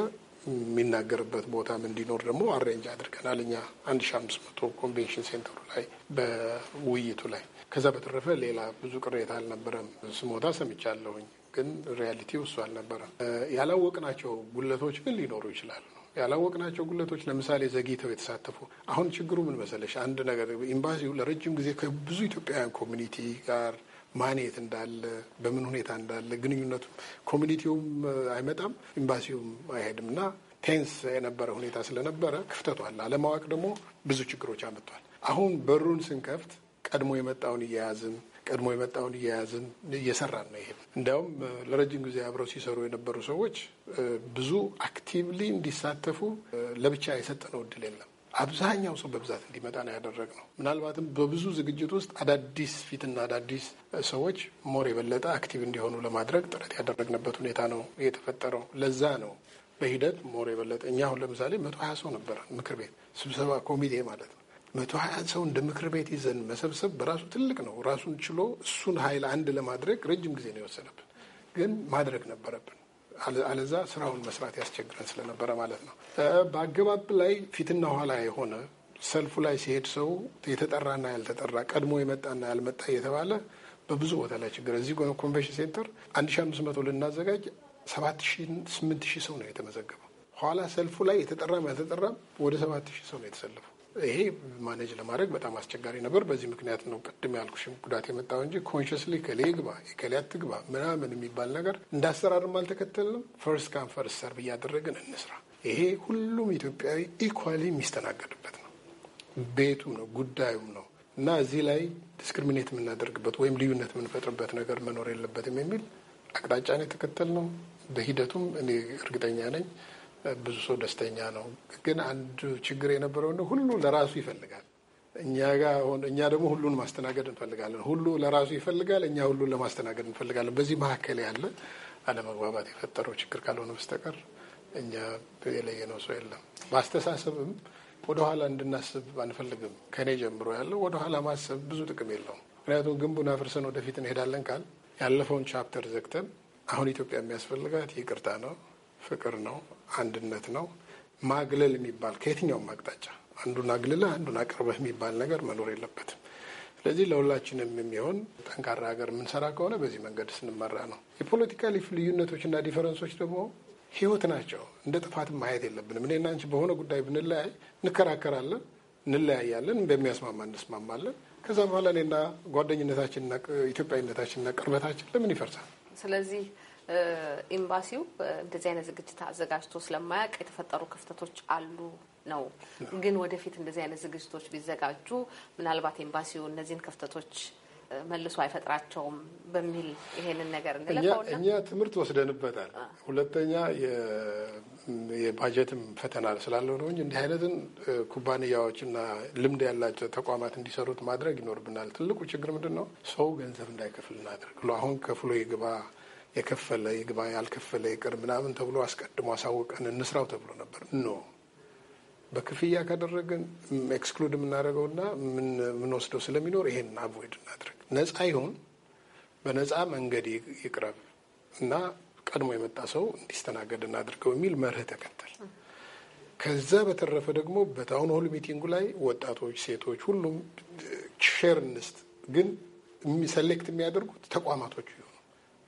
የሚናገርበት ቦታም እንዲኖር ደግሞ አሬንጅ አድርገናል። እኛ አንድ ሺ አምስት መቶ ኮንቬንሽን ሴንተሩ ላይ በውይይቱ ላይ ከዛ በተረፈ ሌላ ብዙ ቅሬታ አልነበረም። ስሞታ ሰምቻለሁኝ፣ ግን ሪያሊቲ እሱ አልነበረም። ያላወቅናቸው ጉለቶች ግን ሊኖሩ ይችላሉ ያላወቅናቸው ጉለቶች ለምሳሌ ዘግይተው የተሳተፉ አሁን ችግሩ ምን መሰለሽ፣ አንድ ነገር ኤምባሲው ለረጅም ጊዜ ከብዙ ኢትዮጵያውያን ኮሚኒቲ ጋር ማኔት እንዳለ በምን ሁኔታ እንዳለ ግንኙነቱ ኮሚኒቲውም አይመጣም፣ ኤምባሲውም አይሄድም እና ቴንስ የነበረ ሁኔታ ስለነበረ ክፍተቱ አለ አለማወቅ ደግሞ ብዙ ችግሮች አመጥቷል። አሁን በሩን ስንከፍት ቀድሞ የመጣውን እየያዝን ቀድሞ የመጣውን እየያዝን እየሰራን ነው። ይሄ እንዲያውም ለረጅም ጊዜ አብረው ሲሰሩ የነበሩ ሰዎች ብዙ አክቲቭሊ እንዲሳተፉ ለብቻ የሰጠነው እድል የለም። አብዛኛው ሰው በብዛት እንዲመጣ ነው ነው። ምናልባትም በብዙ ዝግጅት ውስጥ አዳዲስ ፊትና አዳዲስ ሰዎች ሞር የበለጠ አክቲቭ እንዲሆኑ ለማድረግ ጥረት ያደረግንበት ሁኔታ ነው የተፈጠረው። ለዛ ነው በሂደት ሞር የበለጠ እኛ አሁን ለምሳሌ መቶ ሀያ ሰው ነበረ ምክር ቤት ስብሰባ ኮሚቴ ማለት ነው። መቶ ሀያ ሰው እንደ ምክር ቤት ይዘን መሰብሰብ በራሱ ትልቅ ነው። ራሱን ችሎ እሱን ኃይል አንድ ለማድረግ ረጅም ጊዜ ነው የወሰደብን፣ ግን ማድረግ ነበረብን። አለዛ ስራውን መስራት ያስቸግረን ስለነበረ ማለት ነው። በአገባብ ላይ ፊትና ኋላ የሆነ ሰልፉ ላይ ሲሄድ ሰው የተጠራና ያልተጠራ ቀድሞ የመጣና ያልመጣ እየተባለ በብዙ ቦታ ላይ ችግር እዚህ ኮንቬንሽን ሴንተር 1500 ልናዘጋጅ 7800 ሰው ነው የተመዘገበው። ኋላ ሰልፉ ላይ የተጠራም ያልተጠራም ወደ 7000 ሰው ነው የተሰለፈው። ይሄ ማኔጅ ለማድረግ በጣም አስቸጋሪ ነበር። በዚህ ምክንያት ነው ቅድም ያልኩሽም ጉዳት የመጣው እንጂ ኮንሽስሊ ከሌ ግባ ከሌ አትግባ ምናምን የሚባል ነገር እንዳሰራርም አልተከተልንም። ፈርስት ካም ፈርስት ሰርቭ እያደረግን እንስራ። ይሄ ሁሉም ኢትዮጵያዊ ኢኳሊ የሚስተናገድበት ነው። ቤቱም ነው ጉዳዩም ነው እና እዚህ ላይ ዲስክሪሚኔት የምናደርግበት ወይም ልዩነት የምንፈጥርበት ነገር መኖር የለበትም የሚል አቅጣጫን የተከተል ነው። በሂደቱም እኔ እርግጠኛ ነኝ ብዙ ሰው ደስተኛ ነው። ግን አንዱ ችግር የነበረው ሁሉ ለራሱ ይፈልጋል። እኛ ጋር እኛ ደግሞ ሁሉን ማስተናገድ እንፈልጋለን። ሁሉ ለራሱ ይፈልጋል፣ እኛ ሁሉን ለማስተናገድ እንፈልጋለን። በዚህ መካከል ያለ አለመግባባት የፈጠረው ችግር ካልሆነ በስተቀር እኛ ነው ሰው የለም። በአስተሳሰብም ወደኋላ እንድናስብ አንፈልግም። ከኔ ጀምሮ ያለው ወደኋላ ማሰብ ብዙ ጥቅም የለውም። ምክንያቱም ግንቡን አፍርሰን ወደፊት እንሄዳለን ካል ያለፈውን ቻፕተር ዘግተን አሁን ኢትዮጵያ የሚያስፈልጋት ይቅርታ ነው፣ ፍቅር ነው፣ አንድነት ነው። ማግለል የሚባል ከየትኛውም አቅጣጫ አንዱን አግልለህ አንዱን አቅርበህ የሚባል ነገር መኖር የለበትም። ስለዚህ ለሁላችንም የሚሆን ጠንካራ ሀገር የምንሰራ ከሆነ በዚህ መንገድ ስንመራ ነው። የፖለቲካ እና ዲፈረንሶች ደግሞ ህይወት ናቸው። እንደ ጥፋት ማየት የለብንም። እኔና አንቺ በሆነ ጉዳይ ብንለያይ እንከራከራለን፣ እንለያያለን፣ በሚያስማማ እንስማማለን። ከዛ በኋላ እኔና ጓደኝነታችንና ኢትዮጵያዊነታችንና ቅርበታችን ለምን ይፈርሳል? ስለዚህ ኤምባሲው እንደዚህ አይነት ዝግጅት አዘጋጅቶ ስለማያውቅ የተፈጠሩ ክፍተቶች አሉ ነው። ግን ወደፊት እንደዚህ አይነት ዝግጅቶች ቢዘጋጁ ምናልባት ኤምባሲው እነዚህን ክፍተቶች መልሶ አይፈጥራቸውም በሚል ይሄንን ነገር እንለፈውና እኛ ትምህርት ወስደንበታል። ሁለተኛ የባጀትም ፈተና ስላለው ነው እንጂ እንዲህ አይነትን ኩባንያዎችና ልምድ ያላቸው ተቋማት እንዲሰሩት ማድረግ ይኖርብናል። ትልቁ ችግር ምንድን ነው? ሰው ገንዘብ እንዳይከፍል እናደርግ። አሁን ከፍሎ የግባ የከፈለ ይግባ፣ ያልከፈለ ይቅር ምናምን ተብሎ አስቀድሞ አሳውቀን እንስራው ተብሎ ነበር። ኖ በክፍያ ካደረግን ኤክስክሉድ የምናደርገውና የምንወስደው ስለሚኖር ይሄን አቮይድ እናድረግ። ነጻ ይሁን በነጻ መንገድ ይቅረብ እና ቀድሞ የመጣ ሰው እንዲስተናገድ እናድርገው የሚል መርህ ተከተል። ከዛ በተረፈ ደግሞ በታውን ሆል ሚቲንጉ ላይ ወጣቶች፣ ሴቶች፣ ሁሉም ሼር እንስት ግን ሴሌክት የሚያደርጉት ተቋማቶች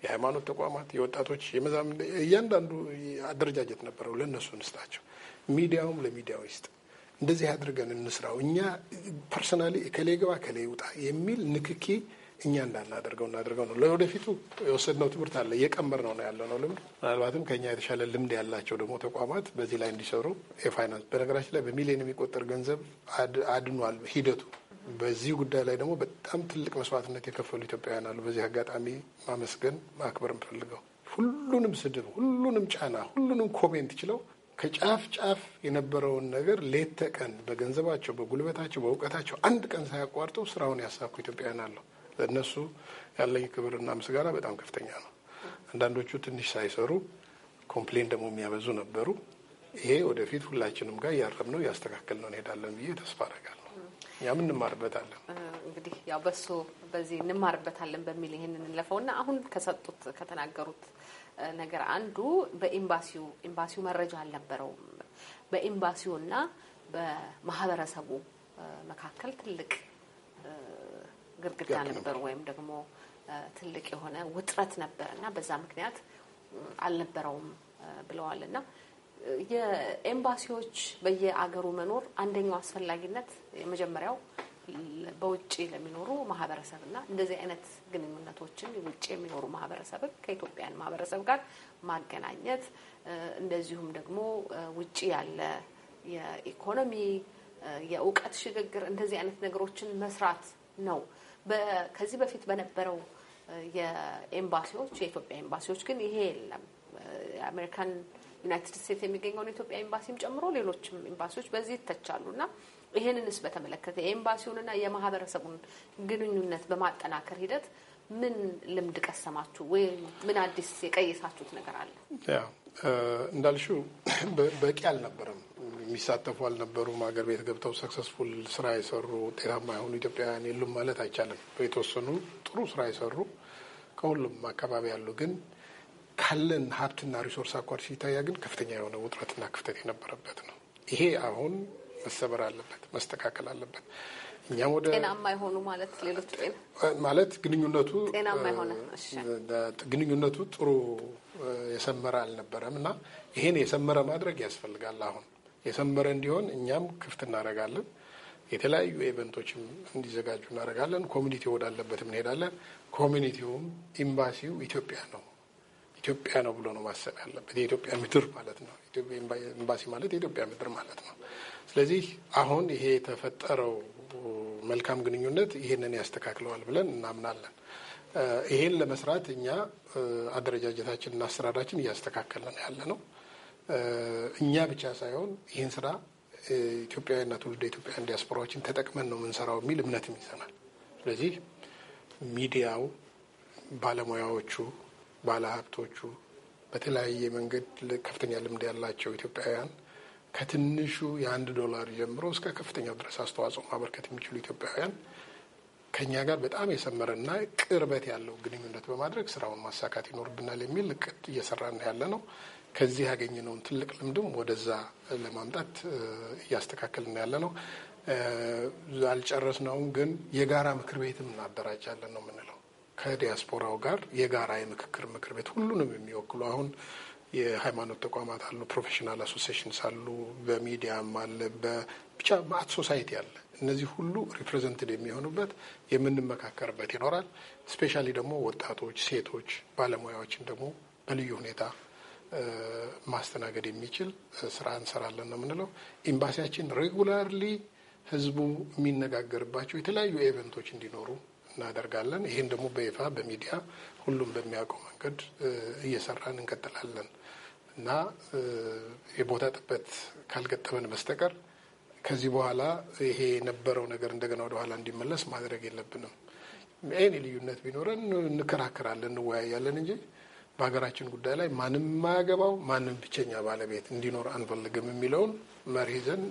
የሃይማኖት ተቋማት፣ የወጣቶች የመዛም እያንዳንዱ አደረጃጀት ነበረው። ለእነሱ እንስጣቸው፣ ሚዲያውም ለሚዲያው ይስጥ። እንደዚህ አድርገን እንስራው። እኛ ፐርሰናሊ ከሌ ግባ ከሌ ውጣ የሚል ንክኪ እኛ እንዳናደርገው እናደርገው ነው። ለወደፊቱ የወሰድነው ትምህርት አለ እየቀመር ነው ያለው ነው ልምድ ምናልባትም ከኛ የተሻለ ልምድ ያላቸው ደግሞ ተቋማት በዚህ ላይ እንዲሰሩ የፋይናንስ በነገራችን ላይ በሚሊዮን የሚቆጠር ገንዘብ አድኗል ሂደቱ በዚህ ጉዳይ ላይ ደግሞ በጣም ትልቅ መስዋዕትነት የከፈሉ ኢትዮጵያውያን አሉ። በዚህ አጋጣሚ ማመስገን ማክበር እንፈልገው። ሁሉንም ስድብ፣ ሁሉንም ጫና፣ ሁሉንም ኮሜንት ችለው ከጫፍ ጫፍ የነበረውን ነገር ሌት ተቀን በገንዘባቸው፣ በጉልበታቸው፣ በእውቀታቸው አንድ ቀን ሳያቋርጠው ስራውን ያሳኩ ኢትዮጵያውያን አሉ። ለእነሱ ያለኝ ክብርና ምስጋና በጣም ከፍተኛ ነው። አንዳንዶቹ ትንሽ ሳይሰሩ ኮምፕሌን ደግሞ የሚያበዙ ነበሩ። ይሄ ወደፊት ሁላችንም ጋር እያስተካከል ነው እንሄዳለን ብዬ ተስፋ አረጋል። እኛም እንማርበታለን። እንግዲህ ያው በሱ በዚህ እንማርበታለን በሚል ይህንን እንለፈውና አሁን ከሰጡት ከተናገሩት ነገር አንዱ በኤምባሲው ኤምባሲው መረጃ አልነበረውም። በኤምባሲውና በማህበረሰቡ መካከል ትልቅ ግርግዳ ነበር ወይም ደግሞ ትልቅ የሆነ ውጥረት ነበር እና በዛ ምክንያት አልነበረውም ብለዋል እና የኤምባሲዎች በየአገሩ መኖር አንደኛው አስፈላጊነት የመጀመሪያው በውጭ ለሚኖሩ ማህበረሰብና እንደዚህ አይነት ግንኙነቶችን ውጭ የሚኖሩ ማህበረሰብን ከኢትዮጵያን ማህበረሰብ ጋር ማገናኘት እንደዚሁም ደግሞ ውጭ ያለ የኢኮኖሚ የእውቀት ሽግግር እንደዚህ አይነት ነገሮችን መስራት ነው። ከዚህ በፊት በነበረው የኤምባሲዎች የኢትዮጵያ ኤምባሲዎች ግን ይሄ የለም። የአሜሪካን ዩናይትድ ስቴትስ የሚገኘውን ኢትዮጵያ ኤምባሲም ጨምሮ ሌሎችም ኤምባሲዎች በዚህ ይተቻሉና ይህንንስ በተመለከተ የኤምባሲውንና የማህበረሰቡን ግንኙነት በማጠናከር ሂደት ምን ልምድ ቀሰማችሁ ወይም ምን አዲስ የቀየሳችሁት ነገር አለ? እንዳልሽው በቂ አልነበረም። የሚሳተፉ አልነበሩም። ሀገር ቤት ገብተው ሰክሰስፉል ስራ የሰሩ ውጤታማ የሆኑ ኢትዮጵያውያን የሉም ማለት አይቻልም። በተወሰኑ ጥሩ ስራ የሰሩ ከሁሉም አካባቢ ያሉ ግን ካለን ሀብትና ሪሶርስ አኳር ሲታያ ግን ከፍተኛ የሆነ ውጥረትና ክፍተት የነበረበት ነው። ይሄ አሁን መሰበር አለበት፣ መስተካከል አለበት። እኛም ወደ ጤናማ የሆኑ ማለት ሌሎች ማለት ግንኙነቱ ግንኙነቱ ጥሩ የሰመረ አልነበረም እና ይሄን የሰመረ ማድረግ ያስፈልጋል። አሁን የሰመረ እንዲሆን እኛም ክፍት እናደርጋለን። የተለያዩ ኤቨንቶችም እንዲዘጋጁ እናደርጋለን። ኮሚኒቲ ወዳለበት እንሄዳለን። ኮሚኒቲውም ኤምባሲው ኢትዮጵያ ነው ኢትዮጵያ ነው ብሎ ነው ማሰብ ያለበት። የኢትዮጵያ ምድር ማለት ነው። ኤምባሲ ማለት የኢትዮጵያ ምድር ማለት ነው። ስለዚህ አሁን ይሄ የተፈጠረው መልካም ግንኙነት ይህንን ያስተካክለዋል ብለን እናምናለን። ይሄን ለመስራት እኛ እና አሰራራችን እያስተካከልን ያለ ነው። እኛ ብቻ ሳይሆን ይህን ስራ ኢትዮጵያውያንና ትውልደ ኢትዮጵያውያን ዲያስፖራዎችን ተጠቅመን ነው የምንሰራው የሚል እምነትም ይዘናል። ስለዚህ ሚዲያው፣ ባለሙያዎቹ ባለሀብቶቹ፣ በተለያየ መንገድ ከፍተኛ ልምድ ያላቸው ኢትዮጵያውያን ከትንሹ የአንድ ዶላር ጀምሮ እስከ ከፍተኛው ድረስ አስተዋጽኦ ማበርከት የሚችሉ ኢትዮጵያውያን ከኛ ጋር በጣም የሰመረና ቅርበት ያለው ግንኙነት በማድረግ ስራውን ማሳካት ይኖርብናል የሚል እቅድ እየሰራን ያለ ነው። ከዚህ ያገኘነውን ትልቅ ልምድም ወደዛ ለማምጣት እያስተካከልን ያለ ነው። አልጨረስነውም፣ ግን የጋራ ምክር ቤትም እናደራጃለን ነው የምንለው። ከዲያስፖራው ጋር የጋራ የምክክር ምክር ቤት ሁሉንም የሚወክሉ አሁን የሃይማኖት ተቋማት አሉ፣ ፕሮፌሽናል አሶሲሽንስ አሉ፣ በሚዲያም አለ፣ ብቻ ማአት ሶሳይቲ አለ። እነዚህ ሁሉ ሪፕሬዘንትድ የሚሆኑበት የምንመካከርበት ይኖራል። ስፔሻሊ ደግሞ ወጣቶች፣ ሴቶች፣ ባለሙያዎችን ደግሞ በልዩ ሁኔታ ማስተናገድ የሚችል ስራ እንሰራለን ነው የምንለው። ኤምባሲያችን ሬጉላርሊ ህዝቡ የሚነጋገርባቸው የተለያዩ ኤቨንቶች እንዲኖሩ እናደርጋለን። ይህን ደግሞ በይፋ በሚዲያ ሁሉም በሚያውቀው መንገድ እየሰራን እንቀጥላለን እና የቦታ ጥበት ካልገጠመን በስተቀር ከዚህ በኋላ ይሄ የነበረው ነገር እንደገና ወደኋላ እንዲመለስ ማድረግ የለብንም። ይህን ልዩነት ቢኖረን እንከራከራለን፣ እንወያያለን እንጂ በሀገራችን ጉዳይ ላይ ማንም የማያገባው ማንም ብቸኛ ባለቤት እንዲኖር አንፈልግም የሚለውን መርህ ይዘን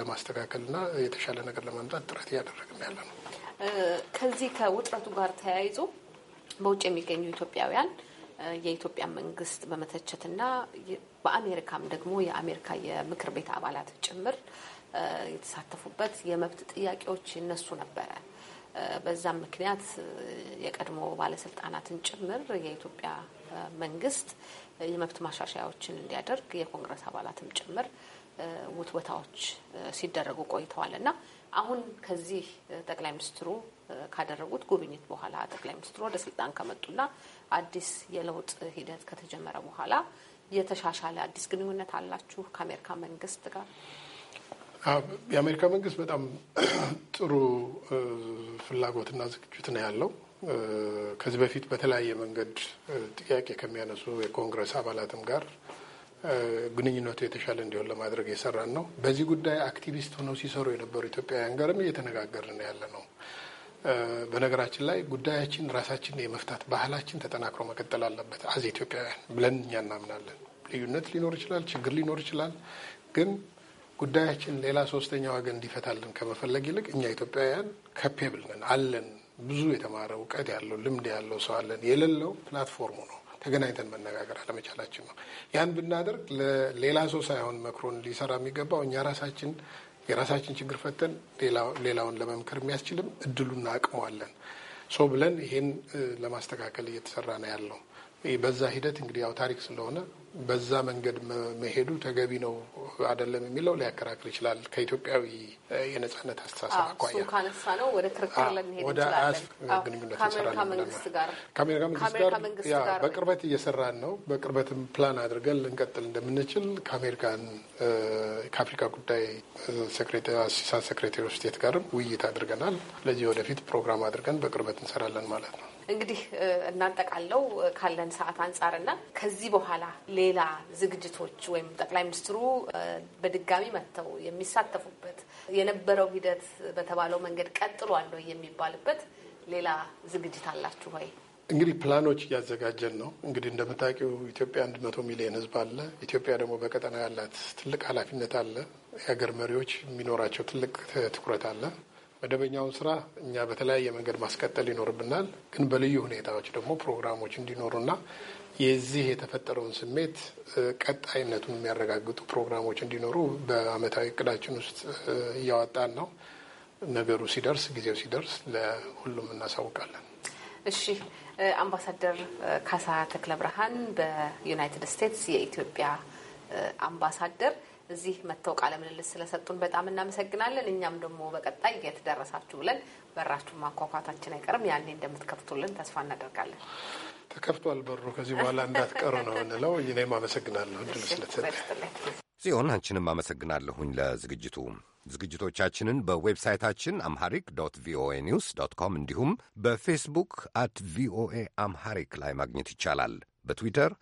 ለማስተካከልና የተሻለ ነገር ለማምጣት ጥረት እያደረግን ያለ ነው። ከዚህ ከውጥረቱ ጋር ተያይዞ በውጭ የሚገኙ ኢትዮጵያውያን የኢትዮጵያ መንግስት በመተቸትና በአሜሪካም ደግሞ የአሜሪካ የምክር ቤት አባላት ጭምር የተሳተፉበት የመብት ጥያቄዎች ይነሱ ነበረ። በዛም ምክንያት የቀድሞ ባለስልጣናትን ጭምር የኢትዮጵያ መንግስት የመብት ማሻሻያዎችን እንዲያደርግ የኮንግረስ አባላትም ጭምር ውትወታዎች ሲደረጉ ቆይተዋል እና አሁን ከዚህ ጠቅላይ ሚኒስትሩ ካደረጉት ጉብኝት በኋላ ጠቅላይ ሚኒስትሩ ወደ ስልጣን ከመጡና አዲስ የለውጥ ሂደት ከተጀመረ በኋላ የተሻሻለ አዲስ ግንኙነት አላችሁ ከአሜሪካ መንግስት ጋር? የአሜሪካ መንግስት በጣም ጥሩ ፍላጎትና ዝግጅት ነው ያለው። ከዚህ በፊት በተለያየ መንገድ ጥያቄ ከሚያነሱ የኮንግረስ አባላትም ጋር ግንኙነቱ የተሻለ እንዲሆን ለማድረግ የሰራን ነው። በዚህ ጉዳይ አክቲቪስት ሆነው ሲሰሩ የነበሩ ኢትዮጵያውያን ጋርም እየተነጋገርን ያለ ነው። በነገራችን ላይ ጉዳያችን ራሳችን የመፍታት ባህላችን ተጠናክሮ መቀጠል አለበት። አዚ ኢትዮጵያውያን ብለን እኛ እናምናለን። ልዩነት ሊኖር ይችላል፣ ችግር ሊኖር ይችላል። ግን ጉዳያችን ሌላ ሶስተኛ ወገን እንዲፈታልን ከመፈለግ ይልቅ እኛ ኢትዮጵያውያን ከፔብልንን አለን። ብዙ የተማረ እውቀት ያለው ልምድ ያለው ሰው አለን። የሌለው ፕላትፎርሙ ነው። ተገናኝተን መነጋገር አለመቻላችን ነው። ያን ብናደርግ ሌላ ሰው ሳይሆን መክሮን ሊሰራ የሚገባው እኛ ራሳችን የራሳችን ችግር ፈተን ሌላውን ለመምከር የሚያስችልም እድሉና አቅሙ ሶ ብለን ይሄን ለማስተካከል እየተሰራ ነው ያለው። በዛ ሂደት እንግዲህ ያው ታሪክ ስለሆነ በዛ መንገድ መሄዱ ተገቢ ነው አይደለም የሚለው ሊያከራክር ይችላል። ከኢትዮጵያዊ የነጻነት አስተሳሰብ አኳያ ካነሳ ነው ወደ ክርክር ግንኙነት ከአሜሪካ መንግስት ጋር በቅርበት እየሰራን ነው። በቅርበትም ፕላን አድርገን ልንቀጥል እንደምንችል ከአሜሪካን ከአፍሪካ ጉዳይ አሲስታንት ሴክሬታሪ ኦፍ ስቴት ጋርም ውይይት አድርገናል። ለዚህ ወደፊት ፕሮግራም አድርገን በቅርበት እንሰራለን ማለት ነው። እንግዲህ እናጠቃለው ካለን ሰዓት አንጻርና ከዚህ በኋላ ሌላ ዝግጅቶች ወይም ጠቅላይ ሚኒስትሩ በድጋሚ መጥተው የሚሳተፉበት የነበረው ሂደት በተባለው መንገድ ቀጥሏል የሚባልበት ሌላ ዝግጅት አላችሁ ወይ? እንግዲህ ፕላኖች እያዘጋጀን ነው። እንግዲህ እንደምታውቂው ኢትዮጵያ አንድ መቶ ሚሊዮን ህዝብ አለ። ኢትዮጵያ ደግሞ በቀጠና ያላት ትልቅ ኃላፊነት አለ። የሀገር መሪዎች የሚኖራቸው ትልቅ ትኩረት አለ። መደበኛውን ስራ እኛ በተለያየ መንገድ ማስቀጠል ይኖርብናል። ግን በልዩ ሁኔታዎች ደግሞ ፕሮግራሞች እንዲኖሩና የዚህ የተፈጠረውን ስሜት ቀጣይነቱን የሚያረጋግጡ ፕሮግራሞች እንዲኖሩ በአመታዊ እቅዳችን ውስጥ እያወጣን ነው። ነገሩ ሲደርስ ጊዜው ሲደርስ ለሁሉም እናሳውቃለን። እሺ፣ አምባሳደር ካሳ ተክለ ብርሃን በዩናይትድ ስቴትስ የኢትዮጵያ አምባሳደር እዚህ መጥተው ቃለ ምልልስ ስለሰጡን በጣም እናመሰግናለን። እኛም ደግሞ በቀጣይ የት ደረሳችሁ ብለን በራችሁን ማኳኳታችን አይቀርም። ያኔ እንደምትከፍቱልን ተስፋ እናደርጋለን። ተከፍቷል በሩ። ከዚህ በኋላ እንዳትቀሩ ነው የምንለው። እኔም አመሰግናለሁ እድሉ ስለተሰጠኝ። ጽዮን አንቺንም አመሰግናለሁኝ ለዝግጅቱ። ዝግጅቶቻችንን በዌብሳይታችን አምሃሪክ ዶት ቪኦኤ ኒውስ ዶት ኮም እንዲሁም በፌስቡክ አት ቪኦኤ አምሃሪክ ላይ ማግኘት ይቻላል። በትዊተር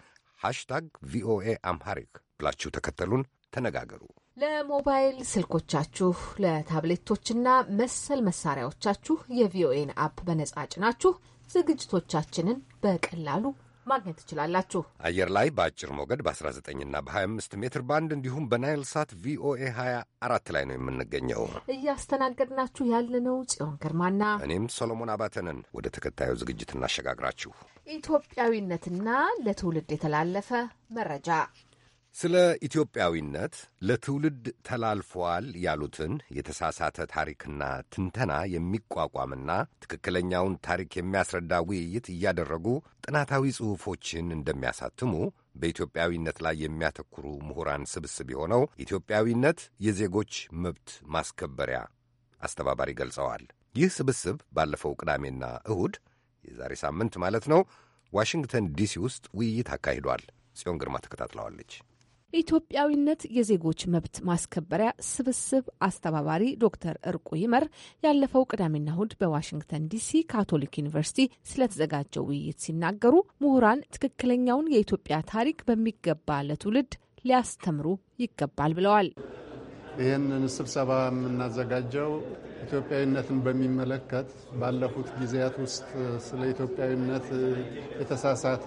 ሃሽታግ ቪኦኤ አምሃሪክ ብላችሁ ተከተሉን ተነጋገሩ። ለሞባይል ስልኮቻችሁ ለታብሌቶችና መሰል መሳሪያዎቻችሁ የቪኦኤን አፕ በነጻ ጭናችሁ ዝግጅቶቻችንን በቀላሉ ማግኘት ትችላላችሁ። አየር ላይ በአጭር ሞገድ በ19ና በ25 ሜትር ባንድ እንዲሁም በናይል ሳት ቪኦኤ 24 ላይ ነው የምንገኘው። እያስተናገድናችሁ ያለነው ጽዮን ግርማና እኔም ሶሎሞን አባተንን። ወደ ተከታዩ ዝግጅት እናሸጋግራችሁ። ኢትዮጵያዊነትና ለትውልድ የተላለፈ መረጃ ስለ ኢትዮጵያዊነት ለትውልድ ተላልፈዋል ያሉትን የተሳሳተ ታሪክና ትንተና የሚቋቋምና ትክክለኛውን ታሪክ የሚያስረዳ ውይይት እያደረጉ ጥናታዊ ጽሑፎችን እንደሚያሳትሙ በኢትዮጵያዊነት ላይ የሚያተኩሩ ምሁራን ስብስብ የሆነው ኢትዮጵያዊነት የዜጎች መብት ማስከበሪያ አስተባባሪ ገልጸዋል። ይህ ስብስብ ባለፈው ቅዳሜና እሁድ የዛሬ ሳምንት ማለት ነው ዋሽንግተን ዲሲ ውስጥ ውይይት አካሂዷል። ጽዮን ግርማ ተከታትለዋለች። የኢትዮጵያዊነት የዜጎች መብት ማስከበሪያ ስብስብ አስተባባሪ ዶክተር እርቁ ይመር ያለፈው ቅዳሜና እሁድ በዋሽንግተን ዲሲ ካቶሊክ ዩኒቨርሲቲ ስለተዘጋጀው ውይይት ሲናገሩ ምሁራን ትክክለኛውን የኢትዮጵያ ታሪክ በሚገባ ለትውልድ ሊያስተምሩ ይገባል ብለዋል። ይህንን ስብሰባ የምናዘጋጀው ኢትዮጵያዊነትን በሚመለከት ባለፉት ጊዜያት ውስጥ ስለ ኢትዮጵያዊነት የተሳሳተ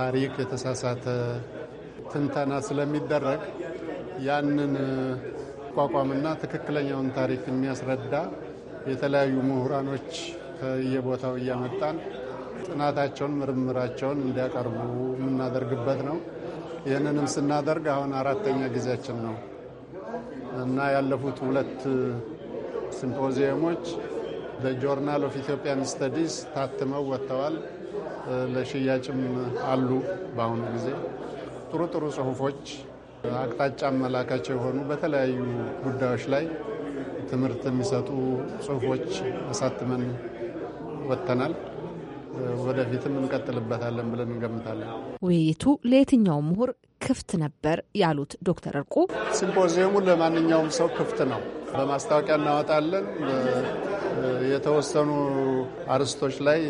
ታሪክ የተሳሳተ ትንተና ስለሚደረግ ያንን ቋቋምና ትክክለኛውን ታሪክ የሚያስረዳ የተለያዩ ምሁራኖች ከየቦታው እያመጣን ጥናታቸውን፣ ምርምራቸውን እንዲያቀርቡ የምናደርግበት ነው። ይህንንም ስናደርግ አሁን አራተኛ ጊዜያችን ነው እና ያለፉት ሁለት ሲምፖዚየሞች በጆርናል ኦፍ ኢትዮጵያን ስተዲስ ታትመው ወጥተዋል። ለሽያጭም አሉ በአሁኑ ጊዜ ጥሩ ጥሩ ጽሁፎች አቅጣጫ አመላካቸው የሆኑ በተለያዩ ጉዳዮች ላይ ትምህርት የሚሰጡ ጽሁፎች አሳትመን ወጥተናል። ወደፊትም እንቀጥልበታለን ብለን እንገምታለን። ውይይቱ ለየትኛው ምሁር ክፍት ነበር ያሉት ዶክተር እርቁ ሲምፖዚየሙ ለማንኛውም ሰው ክፍት ነው። በማስታወቂያ እናወጣለን። የተወሰኑ አርዕስቶች ላይ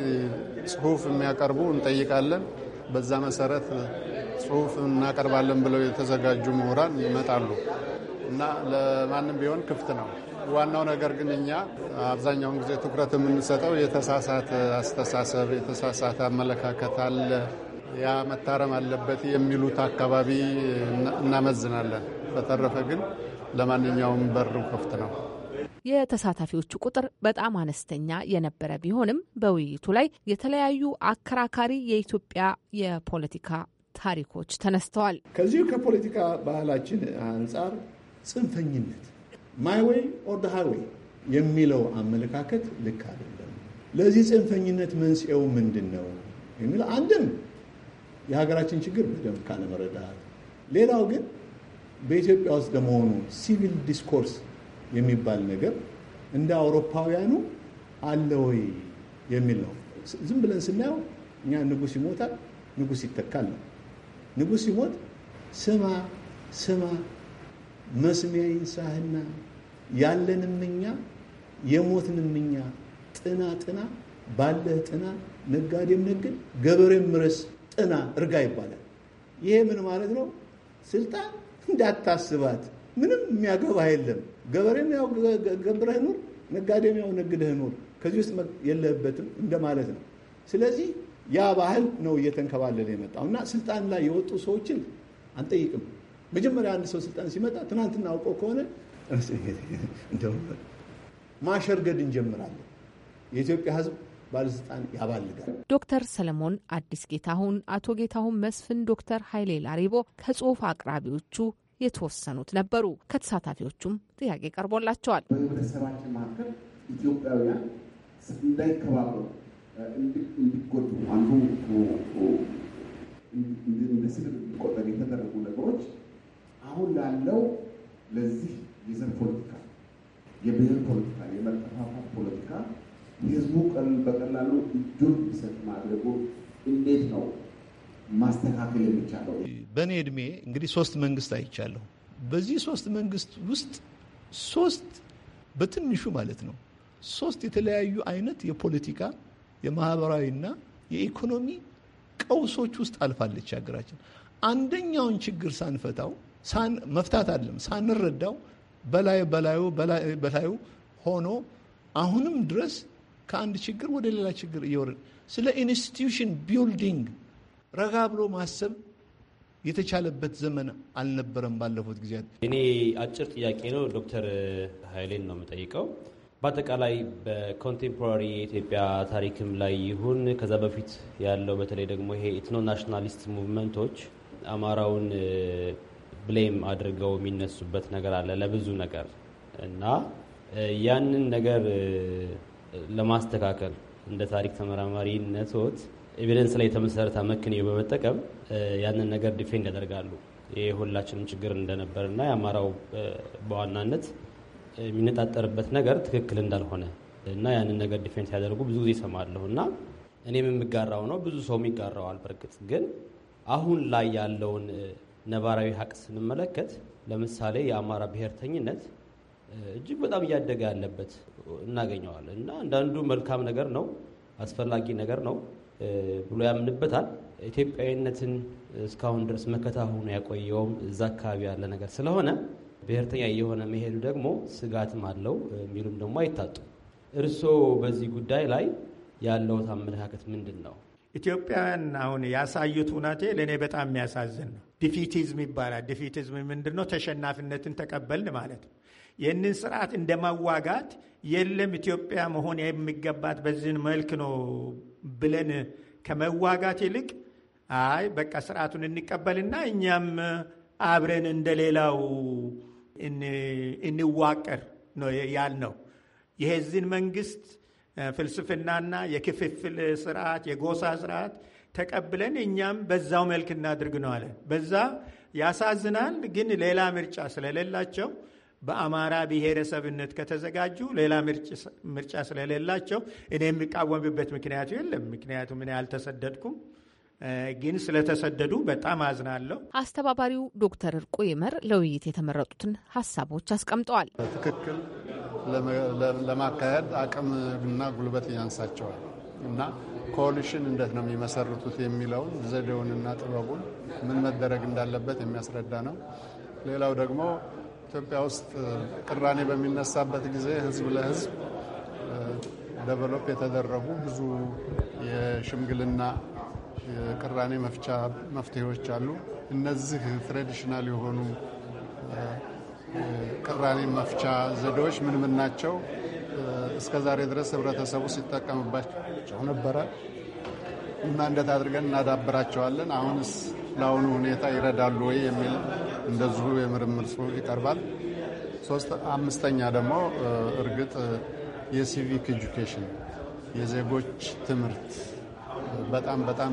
ጽሁፍ የሚያቀርቡ እንጠይቃለን። በዛ መሰረት ጽሁፍ እናቀርባለን ብለው የተዘጋጁ ምሁራን ይመጣሉ እና ለማንም ቢሆን ክፍት ነው። ዋናው ነገር ግን እኛ አብዛኛውን ጊዜ ትኩረት የምንሰጠው የተሳሳተ አስተሳሰብ፣ የተሳሳተ አመለካከት አለ፣ ያ መታረም አለበት የሚሉት አካባቢ እናመዝናለን። በተረፈ ግን ለማንኛውም በሩ ክፍት ነው። የተሳታፊዎቹ ቁጥር በጣም አነስተኛ የነበረ ቢሆንም በውይይቱ ላይ የተለያዩ አከራካሪ የኢትዮጵያ የፖለቲካ ታሪኮች ተነስተዋል። ከዚሁ ከፖለቲካ ባህላችን አንጻር ጽንፈኝነት ወይ ኦር ሃይወይ የሚለው አመለካከት ልክ አይደለም። ለዚህ ጽንፈኝነት መንስኤው ምንድን ነው የሚለው አንድም የሀገራችን ችግር በደንብ ካለመረዳት፣ ሌላው ግን በኢትዮጵያ ውስጥ ለመሆኑ ሲቪል ዲስኮርስ የሚባል ነገር እንደ አውሮፓውያኑ አለ ወይ የሚል ነው። ዝም ብለን ስናየው እኛ ንጉስ ይሞታል፣ ንጉስ ይተካል ነው ንጉሥ ሲሞት ስማ ስማ መስሚያ ይንሳህና ያለንምኛ የሞትንምኛ ጥና ጥና ባለህ ጥና ነጋዴም ነግድ፣ ገበሬም ምረስ ጥና እርጋ ይባላል። ይሄ ምን ማለት ነው? ስልጣን እንዳታስባት ምንም የሚያገባህ የለም። ገበሬም ያው ገብረህ ኑር፣ ነጋዴም ያው ነግደህ ኑር፣ ከዚህ ውስጥ የለህበትም እንደማለት ነው። ስለዚህ ያ ባህል ነው እየተንከባለለ የመጣው እና ስልጣን ላይ የወጡ ሰዎችን አንጠይቅም። መጀመሪያ አንድ ሰው ስልጣን ሲመጣ ትናንትና አውቀው ከሆነ ማሸርገድ እንጀምራለን። የኢትዮጵያ ሕዝብ ባለስልጣን ያባልጋል። ዶክተር ሰለሞን አዲስ ጌታሁን፣ አቶ ጌታሁን መስፍን፣ ዶክተር ኃይሌ ላሪቦ ከጽሁፍ አቅራቢዎቹ የተወሰኑት ነበሩ። ከተሳታፊዎቹም ጥያቄ ቀርቦላቸዋል። በህብረተሰባችን መካከል ኢትዮጵያውያን እንዳይከባበሩ እንዲጎዱ አንዱ እንደ ስድብ እንዲቆጠር የተደረጉ ነገሮች አሁን ላለው ለዚህ የዘር ፖለቲካ፣ የብሔር ፖለቲካ፣ የመጠፋፋት ፖለቲካ ህዝቡ በቀላሉ እጁን ይሰጥ ማድረጉ እንዴት ነው ማስተካከል የሚቻለው? በእኔ እድሜ እንግዲህ ሶስት መንግስት አይቻለሁ። በዚህ ሶስት መንግስት ውስጥ ሶስት በትንሹ ማለት ነው ሶስት የተለያዩ አይነት የፖለቲካ የማህበራዊና የኢኮኖሚ ቀውሶች ውስጥ አልፋለች ሀገራችን። አንደኛውን ችግር ሳንፈታው መፍታት አለም ሳንረዳው በላይ በላዩ በላዩ ሆኖ አሁንም ድረስ ከአንድ ችግር ወደ ሌላ ችግር እየወረደ ስለ ኢንስቲትዩሽን ቢልዲንግ ረጋ ብሎ ማሰብ የተቻለበት ዘመን አልነበረም ባለፉት ጊዜያት። እኔ አጭር ጥያቄ ነው ዶክተር ሀይሌን ነው የምጠይቀው። በአጠቃላይ በኮንቴምፖራሪ የኢትዮጵያ ታሪክም ላይ ይሁን ከዛ በፊት ያለው በተለይ ደግሞ ይሄ ኢትኖ ናሽናሊስት ሙቭመንቶች አማራውን ብሌም አድርገው የሚነሱበት ነገር አለ ለብዙ ነገር እና ያንን ነገር ለማስተካከል እንደ ታሪክ ተመራማሪነቶት ኤቪደንስ ላይ የተመሰረተ አመክንዮ በመጠቀም ያንን ነገር ዲፌንድ ያደርጋሉ። ይሄ ሁላችንም ችግር እንደነበርና የአማራው በዋናነት የሚነጣጠርበት ነገር ትክክል እንዳልሆነ እና ያንን ነገር ዲፌንስ ሲያደርጉ ብዙ ጊዜ ይሰማለሁ እና እኔም የምጋራው ነው፣ ብዙ ሰውም ይጋራዋል። በእርግጥ ግን አሁን ላይ ያለውን ነባራዊ ሀቅ ስንመለከት ለምሳሌ የአማራ ብሔርተኝነት እጅግ በጣም እያደገ ያለበት እናገኘዋለን እና አንዳንዱ መልካም ነገር ነው፣ አስፈላጊ ነገር ነው ብሎ ያምንበታል። ኢትዮጵያዊነትን እስካሁን ድረስ መከታ ሆኖ ያቆየውም እዛ አካባቢ ያለ ነገር ስለሆነ ብሔርተኛ እየሆነ መሄዱ ደግሞ ስጋትም አለው የሚሉም ደግሞ አይታጡም። እርስዎ በዚህ ጉዳይ ላይ ያለውት አመለካከት ምንድን ነው? ኢትዮጵያውያን አሁን ያሳዩት እውነቴ ለእኔ በጣም የሚያሳዝን ነው። ዲፊቲዝም ይባላል። ዲፊቲዝም ምንድን ነው? ተሸናፊነትን ተቀበልን ማለት ነው። ይህንን ስርዓት እንደ ማዋጋት የለም ኢትዮጵያ መሆን የሚገባት በዚህን መልክ ነው ብለን ከመዋጋት ይልቅ አይ በቃ ስርዓቱን እንቀበልና እኛም አብረን እንደሌላው እንዋቀር ነው ያልነው። የህዝን መንግስት ፍልስፍናና የክፍፍል ስርዓት፣ የጎሳ ስርዓት ተቀብለን እኛም በዛው መልክ እናድርግ ነው አለ። በዛ ያሳዝናል፣ ግን ሌላ ምርጫ ስለሌላቸው በአማራ ብሔረሰብነት ከተዘጋጁ ሌላ ምርጫ ስለሌላቸው እኔ የሚቃወምበት ምክንያቱ የለም። ምክንያቱም እኔ አልተሰደድኩም። ግን ስለተሰደዱ በጣም አዝናለሁ። አስተባባሪው ዶክተር እርቁ ይመር ለውይይት የተመረጡትን ሀሳቦች አስቀምጠዋል። ትክክል ለማካሄድ አቅምና ጉልበት ያንሳቸዋል እና ኮሊሽን እንዴት ነው የሚመሰርቱት የሚለውን ዘዴውንና ጥበቡን ምን መደረግ እንዳለበት የሚያስረዳ ነው። ሌላው ደግሞ ኢትዮጵያ ውስጥ ቅራኔ በሚነሳበት ጊዜ ህዝብ ለህዝብ ደቨሎፕ የተደረጉ ብዙ የሽምግልና የቅራኔ መፍቻ መፍትሄዎች አሉ። እነዚህ ትራዲሽናል የሆኑ ቅራኔ መፍቻ ዘዴዎች ምን ምን ናቸው? እስከ ዛሬ ድረስ ህብረተሰቡ ሲጠቀምባቸው ነበረ እና እንዴት አድርገን እናዳብራቸዋለን? አሁንስ ለአሁኑ ሁኔታ ይረዳሉ ወይ የሚል እንደዚሁ የምርምር ጽሁፍ ይቀርባል። ሶስት አምስተኛ ደግሞ እርግጥ የሲቪክ ኤጁኬሽን የዜጎች ትምህርት በጣም በጣም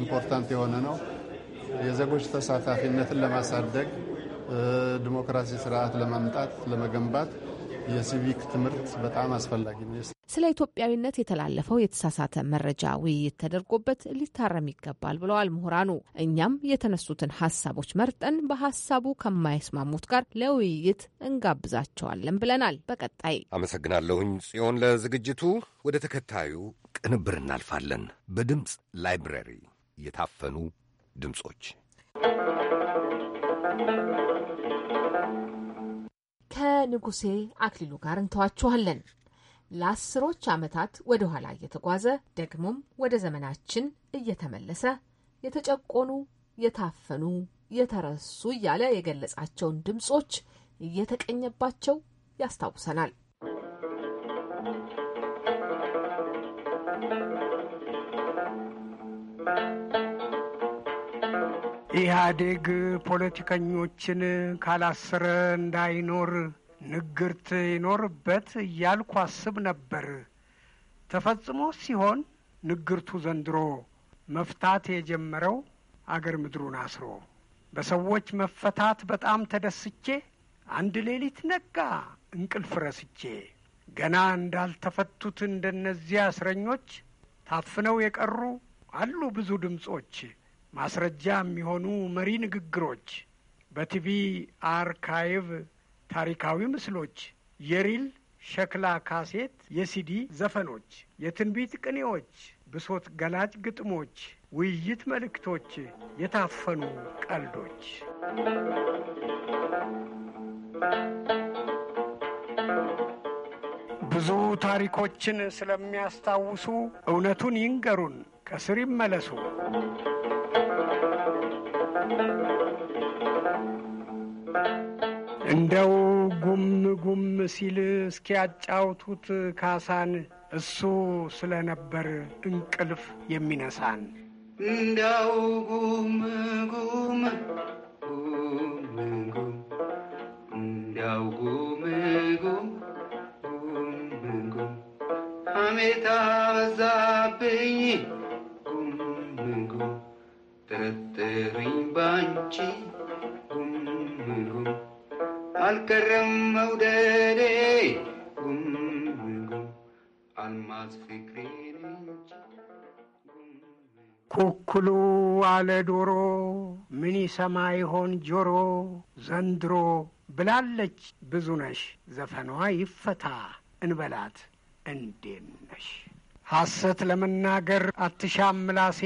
ኢምፖርታንት የሆነ ነው። የዜጎች ተሳታፊነትን ለማሳደግ ዲሞክራሲ ስርዓት ለማምጣት ለመገንባት የሲቪክ ትምህርት በጣም አስፈላጊ ነው። ስለ ኢትዮጵያዊነት የተላለፈው የተሳሳተ መረጃ ውይይት ተደርጎበት ሊታረም ይገባል ብለዋል ምሁራኑ። እኛም የተነሱትን ሀሳቦች መርጠን በሀሳቡ ከማይስማሙት ጋር ለውይይት እንጋብዛቸዋለን ብለናል። በቀጣይ አመሰግናለሁኝ ጽዮን ለዝግጅቱ። ወደ ተከታዩ ቅንብር እናልፋለን። በድምፅ ላይብረሪ የታፈኑ ድምፆች Thank you. ከንጉሴ አክሊሉ ጋር እንተዋችኋለን። ለአስሮች ዓመታት ወደ ኋላ እየተጓዘ ደግሞም ወደ ዘመናችን እየተመለሰ የተጨቆኑ፣ የታፈኑ፣ የተረሱ እያለ የገለጻቸውን ድምጾች እየተቀኘባቸው ያስታውሰናል። Thank you. ኢህአዴግ ፖለቲከኞችን ካላሰረ እንዳይኖር ንግርት ይኖርበት እያልኩ አስብ ነበር። ተፈጽሞ ሲሆን ንግርቱ ዘንድሮ መፍታት የጀመረው አገር ምድሩን አስሮ በሰዎች መፈታት በጣም ተደስቼ አንድ ሌሊት ነጋ እንቅልፍ ረስቼ ገና እንዳልተፈቱት እንደነዚያ እስረኞች ታፍነው የቀሩ አሉ ብዙ ድምጾች ማስረጃ የሚሆኑ መሪ ንግግሮች፣ በቲቪ አርካይቭ ታሪካዊ ምስሎች፣ የሪል ሸክላ ካሴት፣ የሲዲ ዘፈኖች፣ የትንቢት ቅኔዎች፣ ብሶት ገላጭ ግጥሞች፣ ውይይት መልእክቶች፣ የታፈኑ ቀልዶች ብዙ ታሪኮችን ስለሚያስታውሱ እውነቱን ይንገሩን፣ ከስር ይመለሱ። እንደው ጉም ጉም ሲል እስኪያጫውቱት ካሳን እሱ ስለነበር እንቅልፍ የሚነሳን እንደው ጉም ጉም እንደው ጉም ጉም ጉም አሜታ በዛብኝ ጉም ጉም ጥርጥርኝ ባንቺ አልቀረም መውደዴ አልማዝ ፍቅሬ ኩኩሉ አለ ዶሮ ምን ይሰማ ይሆን ጆሮ ዘንድሮ ብላለች ብዙ ነሽ ዘፈኗ ይፈታ እንበላት እንዴት ነሽ ሐሰት ለመናገር አትሻም ምላሴ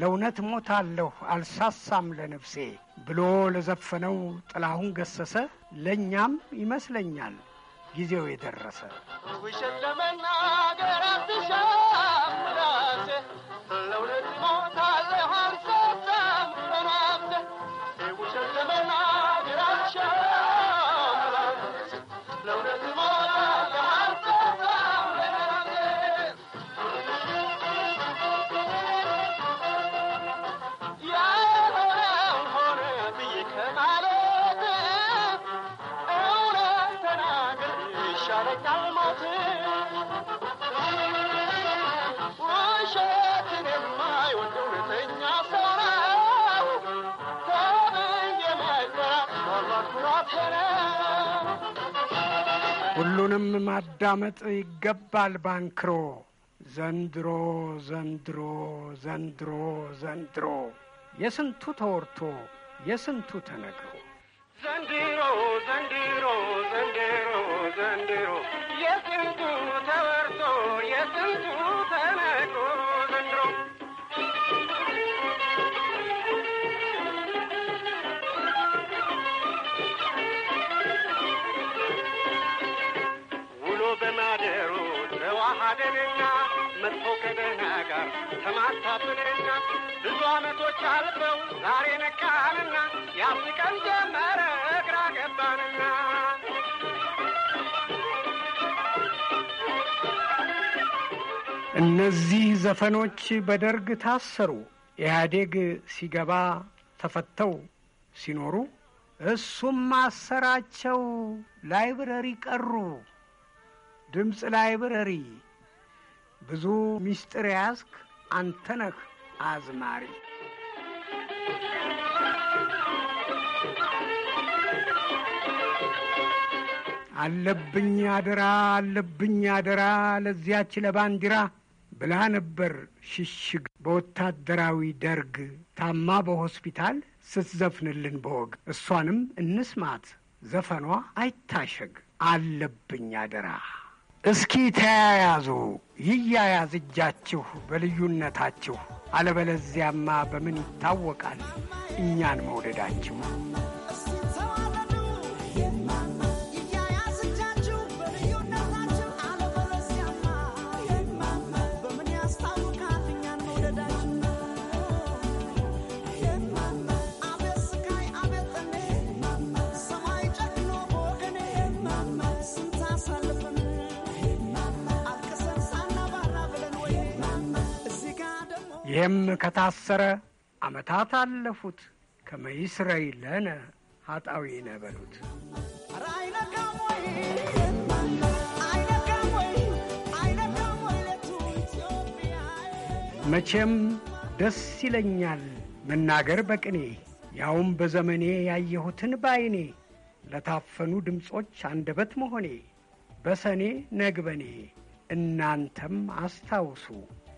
ለእውነት ሞታለሁ አልሳሳም ለነፍሴ ብሎ ለዘፈነው ጥላሁን ገሰሰ ለእኛም ይመስለኛል ጊዜው የደረሰ ውሸት ለመናገር አትሻም ራሴ ለእውነት አሁንም ማዳመጥ ይገባል ባንክሮ ዘንድሮ ዘንድሮ ዘንድሮ ዘንድሮ የስንቱ ተወርቶ የስንቱ ተነግሮ ዘንድሮ ዘንድሮ አልጥረው ዛሬ ነቃንና ያስቀን ጀመረ ገባንና እነዚህ ዘፈኖች በደርግ ታሰሩ። ኢህአዴግ ሲገባ ተፈተው ሲኖሩ እሱም አሰራቸው። ላይብረሪ ቀሩ። ድምፅ ላይብረሪ ብዙ ሚስጢር ያዝክ አንተ አዝማሪ አለብኝ አደራ አለብኝ አደራ ለዚያች ለባንዲራ ብላ ነበር ሽሽግ በወታደራዊ ደርግ ታማ በሆስፒታል ስትዘፍንልን በወግ እሷንም እንስማት። ዘፈኗ አይታሸግ አለብኝ አደራ። እስኪ ተያያዙ ይያያዝ እጃችሁ በልዩነታችሁ፣ አለበለዚያማ በምን ይታወቃል እኛን መውደዳችሁ? ይህም ከታሰረ ዓመታት አለፉት። ከመይስረይ ለነ ሀጣዊ ነበሉት መቼም ደስ ይለኛል መናገር በቅኔ ያውም በዘመኔ ያየሁትን ባይኔ ለታፈኑ ድምፆች አንደበት መሆኔ በሰኔ ነግበኔ እናንተም አስታውሱ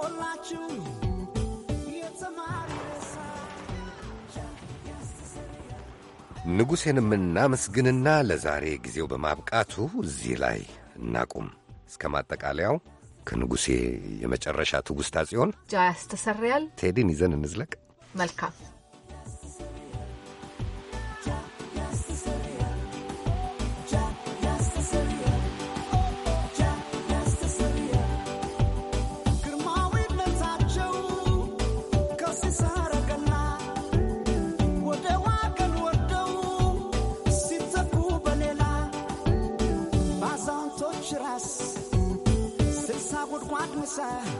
ንጉሴን ንጉሴንም እናመስግንና ለዛሬ ጊዜው በማብቃቱ እዚህ ላይ እናቁም። እስከ ማጠቃለያው ከንጉሴ የመጨረሻ ትውስታ ጽዮን ጃ ያስተሰርያል ቴዲን ይዘን እንዝለቅ። መልካም side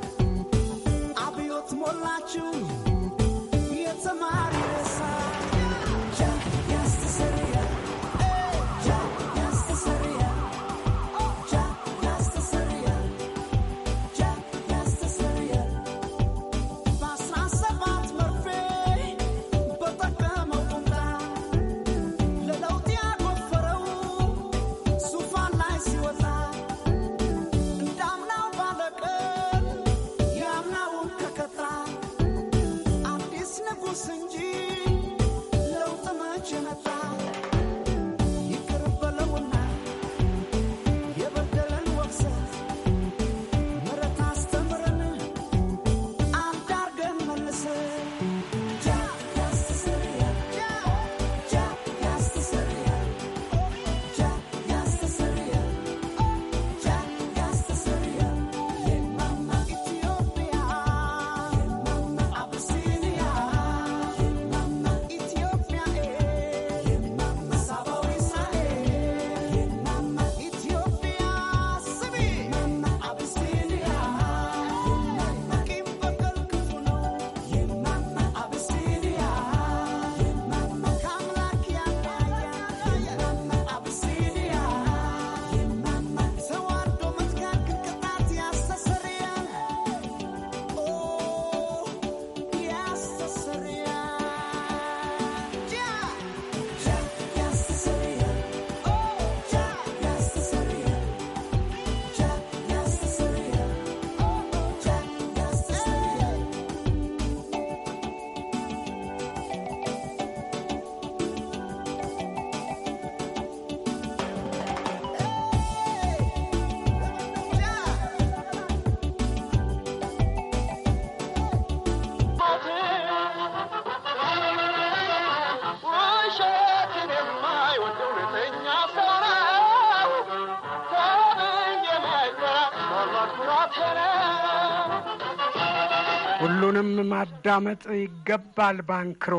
ሁሉንም ማዳመጥ ይገባል ባንክሮ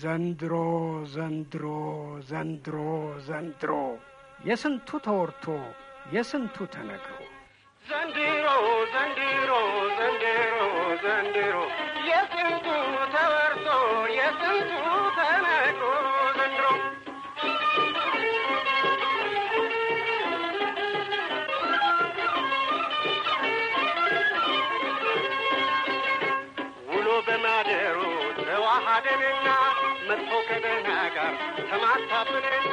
ዘንድሮ ዘንድሮ ዘንድሮ ዘንድሮ የስንቱ ተወርቶ የስንቱ ተነግሮ ዘንድሮ ዘንድሮ ዘንድሮ ዘንድሮ የስንቱ ተወርቶ የስንቱ ተነ ከማታፍንና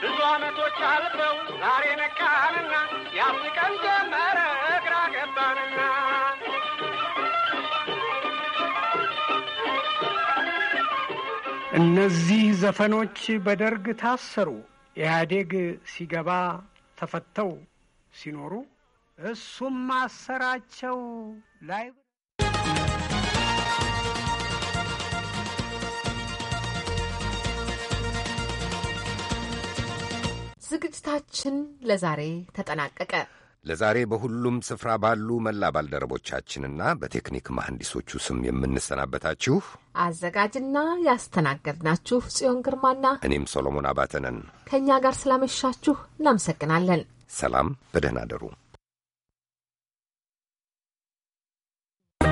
ብዙ አመቶች አልፈው ዛሬ ነቃንና ያስቀን ጀመረ እግራ ገባንና እነዚህ ዘፈኖች በደርግ ታሰሩ። ኢህአዴግ ሲገባ ተፈተው ሲኖሩ እሱም አሰራቸው ላይ ዝግጅታችን ለዛሬ ተጠናቀቀ። ለዛሬ በሁሉም ስፍራ ባሉ መላ ባልደረቦቻችንና በቴክኒክ መሐንዲሶቹ ስም የምንሰናበታችሁ አዘጋጅና ያስተናገድናችሁ ጽዮን ግርማና እኔም ሶሎሞን አባተ ነን። ከእኛ ጋር ስላመሻችሁ እናመሰግናለን። ሰላም፣ በደህና አደሩ።